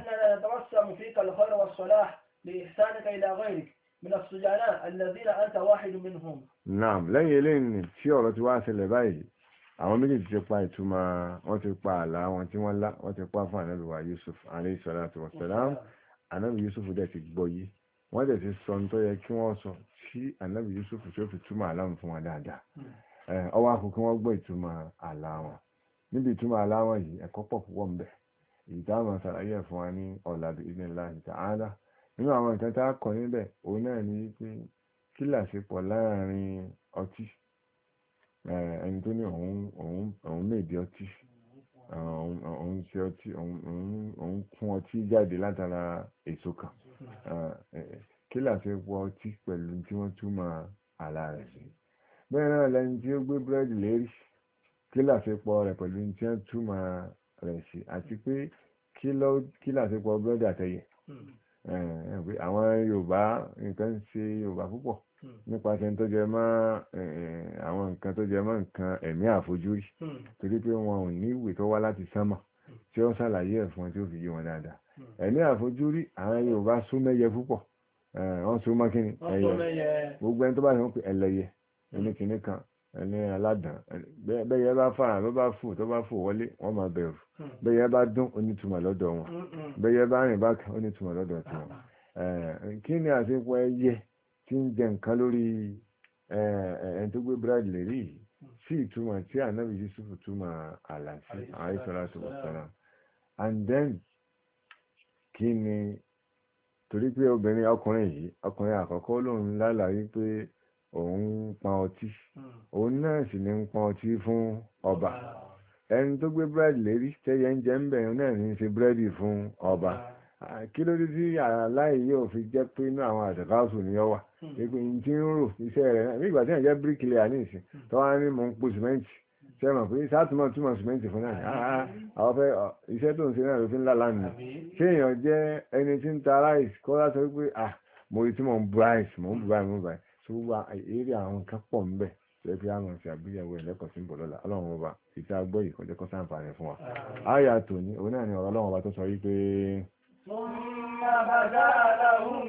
Naam lẹ́yìn eléyìí ni tí ọ̀rọ̀ ti wá ṣẹlẹ̀ báyìí àwọn méjèèjì ti pa ìtumọ̀ wọ́n ti pa àlá wọn tí wọ́n lá wọ́n ti pa fún ànábì wa Yusuf alayhi salatu wassalam ànábì Yusuf dẹ̀ ti gbọ́ yìí wọ́n dẹ̀ ti sọ ní tó yẹ kí wọ́n sọ tí ànábì tí ó ọwọ́ eh, àkùn kí wọ́n gbọ́ ìtumọ̀ àlá wọn níbi ìtumọ̀ àlá wọn yìí ẹ̀kọ́ pọ̀ púpọ̀ ń bẹ èyí tá a máa ṣàlàyé ẹ̀ fún wa ní ọ̀la bi'idhnillahi ta'ala nínú àwọn ìtàn tá a kọ níbẹ̀ òun náà ni pé kí làṣepọ̀ láàrin ọtí eh, ẹni tó ní òun méèdì ọtí eh, òun ṣe ọtí òun kún ọtí jáde látara èso kan kí làṣepọ̀ ọtí pẹ̀lú tí wọ́n túmọ̀ àlá rẹ̀ sí bẹ́ẹ̀ náà lẹni tí ó gbé búrẹ́dì lérí kí làṣepọ̀ rẹ̀ pẹ̀lú ní tí wọ́n túmọ̀ rẹ̀ sí àti pé kí làṣepọ̀ búrẹ́dì àtẹyẹ hmm. àwọn Yorùbá nǹkan ṣe Yorùbá púpọ̀ hmm. nípasẹ̀ tó jẹ mọ́ àwọn nǹkan tó jẹ mọ́ nǹkan ẹ̀mí àfojúrí hmm. torí pé wọn ò ní ìwé tó wá láti sánmọ̀ tí ó ń ṣàlàyé ẹ̀ fún tí ó fi yé wọn dáadáa ẹ̀mí àfojúrí àwọn Yorùbá súnmẹ́yẹ púpọ̀ wọ́n súnmọ́ kí ni ẹ̀yẹ gbogbo ẹni tó bá ní wọ́n pe ẹlẹ́yẹ ẹni kìíní kan ẹni aládàn bẹ́yẹ bá fà ló bá fò tó bá fò wọlé wọ́n máa bẹ̀rù hmm. bẹ́yẹ bá dún onítùmọ̀ lọ́dọ̀ wọn hmm, hmm. bẹ́yẹ bá rìn bá kan onítùmọ̀ lọ́dọ̀ tí wọn. Ah, ah. eh, kí ni àsìkò ẹyẹ tí ń jẹ nǹkan lórí eh, eh, ẹni tó gbé búrẹ́dì lè rí sí ìtumọ̀ tí ànábì Yusuf túmọ̀ àlàsí àìsọ̀rọ̀ àtọ̀wọ̀sọ̀rọ̀ and then kí ni torí pé obìnrin ọkùnrin yìí ọkùnrin àkọ́kọ́ lòun lálàá wípé òun ń ọtí hmm. òun náà sì ní ń ọtí fún ọba ẹni tó gbé búrẹ́dì lérí tẹ́yẹ ń jẹ ń bẹ̀rẹ̀ náà ní ṣe búrẹ́dì fún ọba hmm. kí ló dé tí aláì yóò fi jẹ́ pé inú àwọn àtẹ̀káṣù ni ó wà ìpè ní tí ń rò iṣẹ́ rẹ̀ náà nígbà tí èèyàn jẹ́ bíríkìlẹ̀ àníìsín hmm. tó wá ní mò ń po sìmẹ́ǹtì ṣe mọ̀ pé sátúmọ̀ túmọ̀ sìmẹ́ǹtì fún náà ah, ah, ah, àwọn fẹ́ iṣẹ́ tó ń ṣe náà ló fi ń lálá nù ṣé jẹ́ ẹni tí ń ta ráìsì kọ́ láti sọ pé ah mo rí tí mò ń bu ráìsì mò ń bu ráìsì ṣùgbọ́n eré àwọn nǹkan pọ̀ ń bẹ ṣẹ́fí àmọ̀ ṣe àgbéyẹ̀wò ẹ̀lẹ́kọ̀ọ́ sí ń bọ̀ lọ́la ọlọ́run ọba ìta gbọ́ yìí kọjọ́ kọ́ sáǹfààní fún wa àyà tòní òun náà ni ọ̀rọ̀ ọlọ́run ọba tó sọ wípé. ثم بدا لهم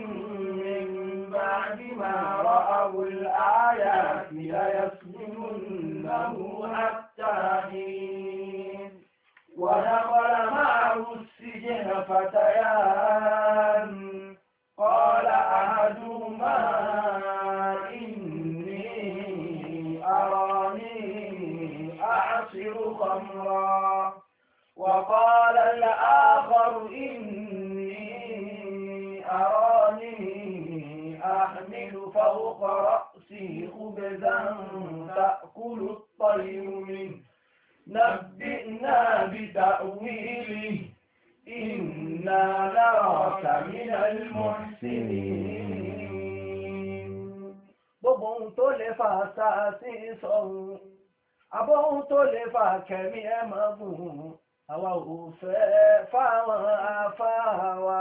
من بعد ما رأوا الآيات ليسجننه حتى حين ودخل معه السجن فتيان قال أحدهما وقال الآخر إني أراني أحمل فوق رأسي خبزا تأكل الطير منه نبئنا بتأويله إنا نراك من المحسنين gbogbo ohun tó lè fa sáà sí sọ̀rùn abóhun tó lè fa kẹ̀mí àwa ò fẹ́ fáwọn afáwa.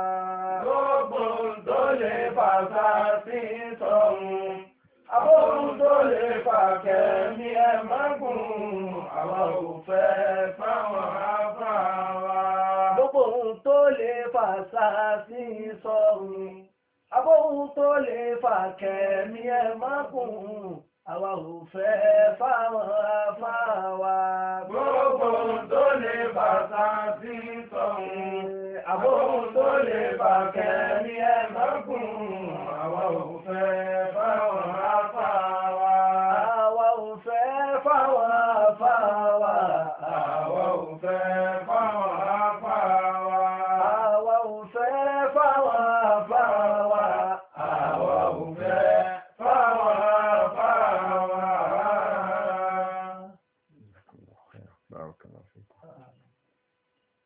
gbogbo tó lè fàṣà sí sọ̀run abóhùn tó lè fàkẹ́ ní ẹ mágùn àwa ò fẹ́ fáwọn afáwa. gbogbo ohun tó lè fàṣà sí sọ̀run abóhùn tó lè fàkẹ́ ní ẹ mágùn àwa ò fẹ́ fáwọn afáwa. gbogbo tó lè bàtà sí sọ̀hún. àbóhùn tó lè bàkẹ́ ní ẹ̀mọ́kùn. àwa ò fẹ́ fáwọn.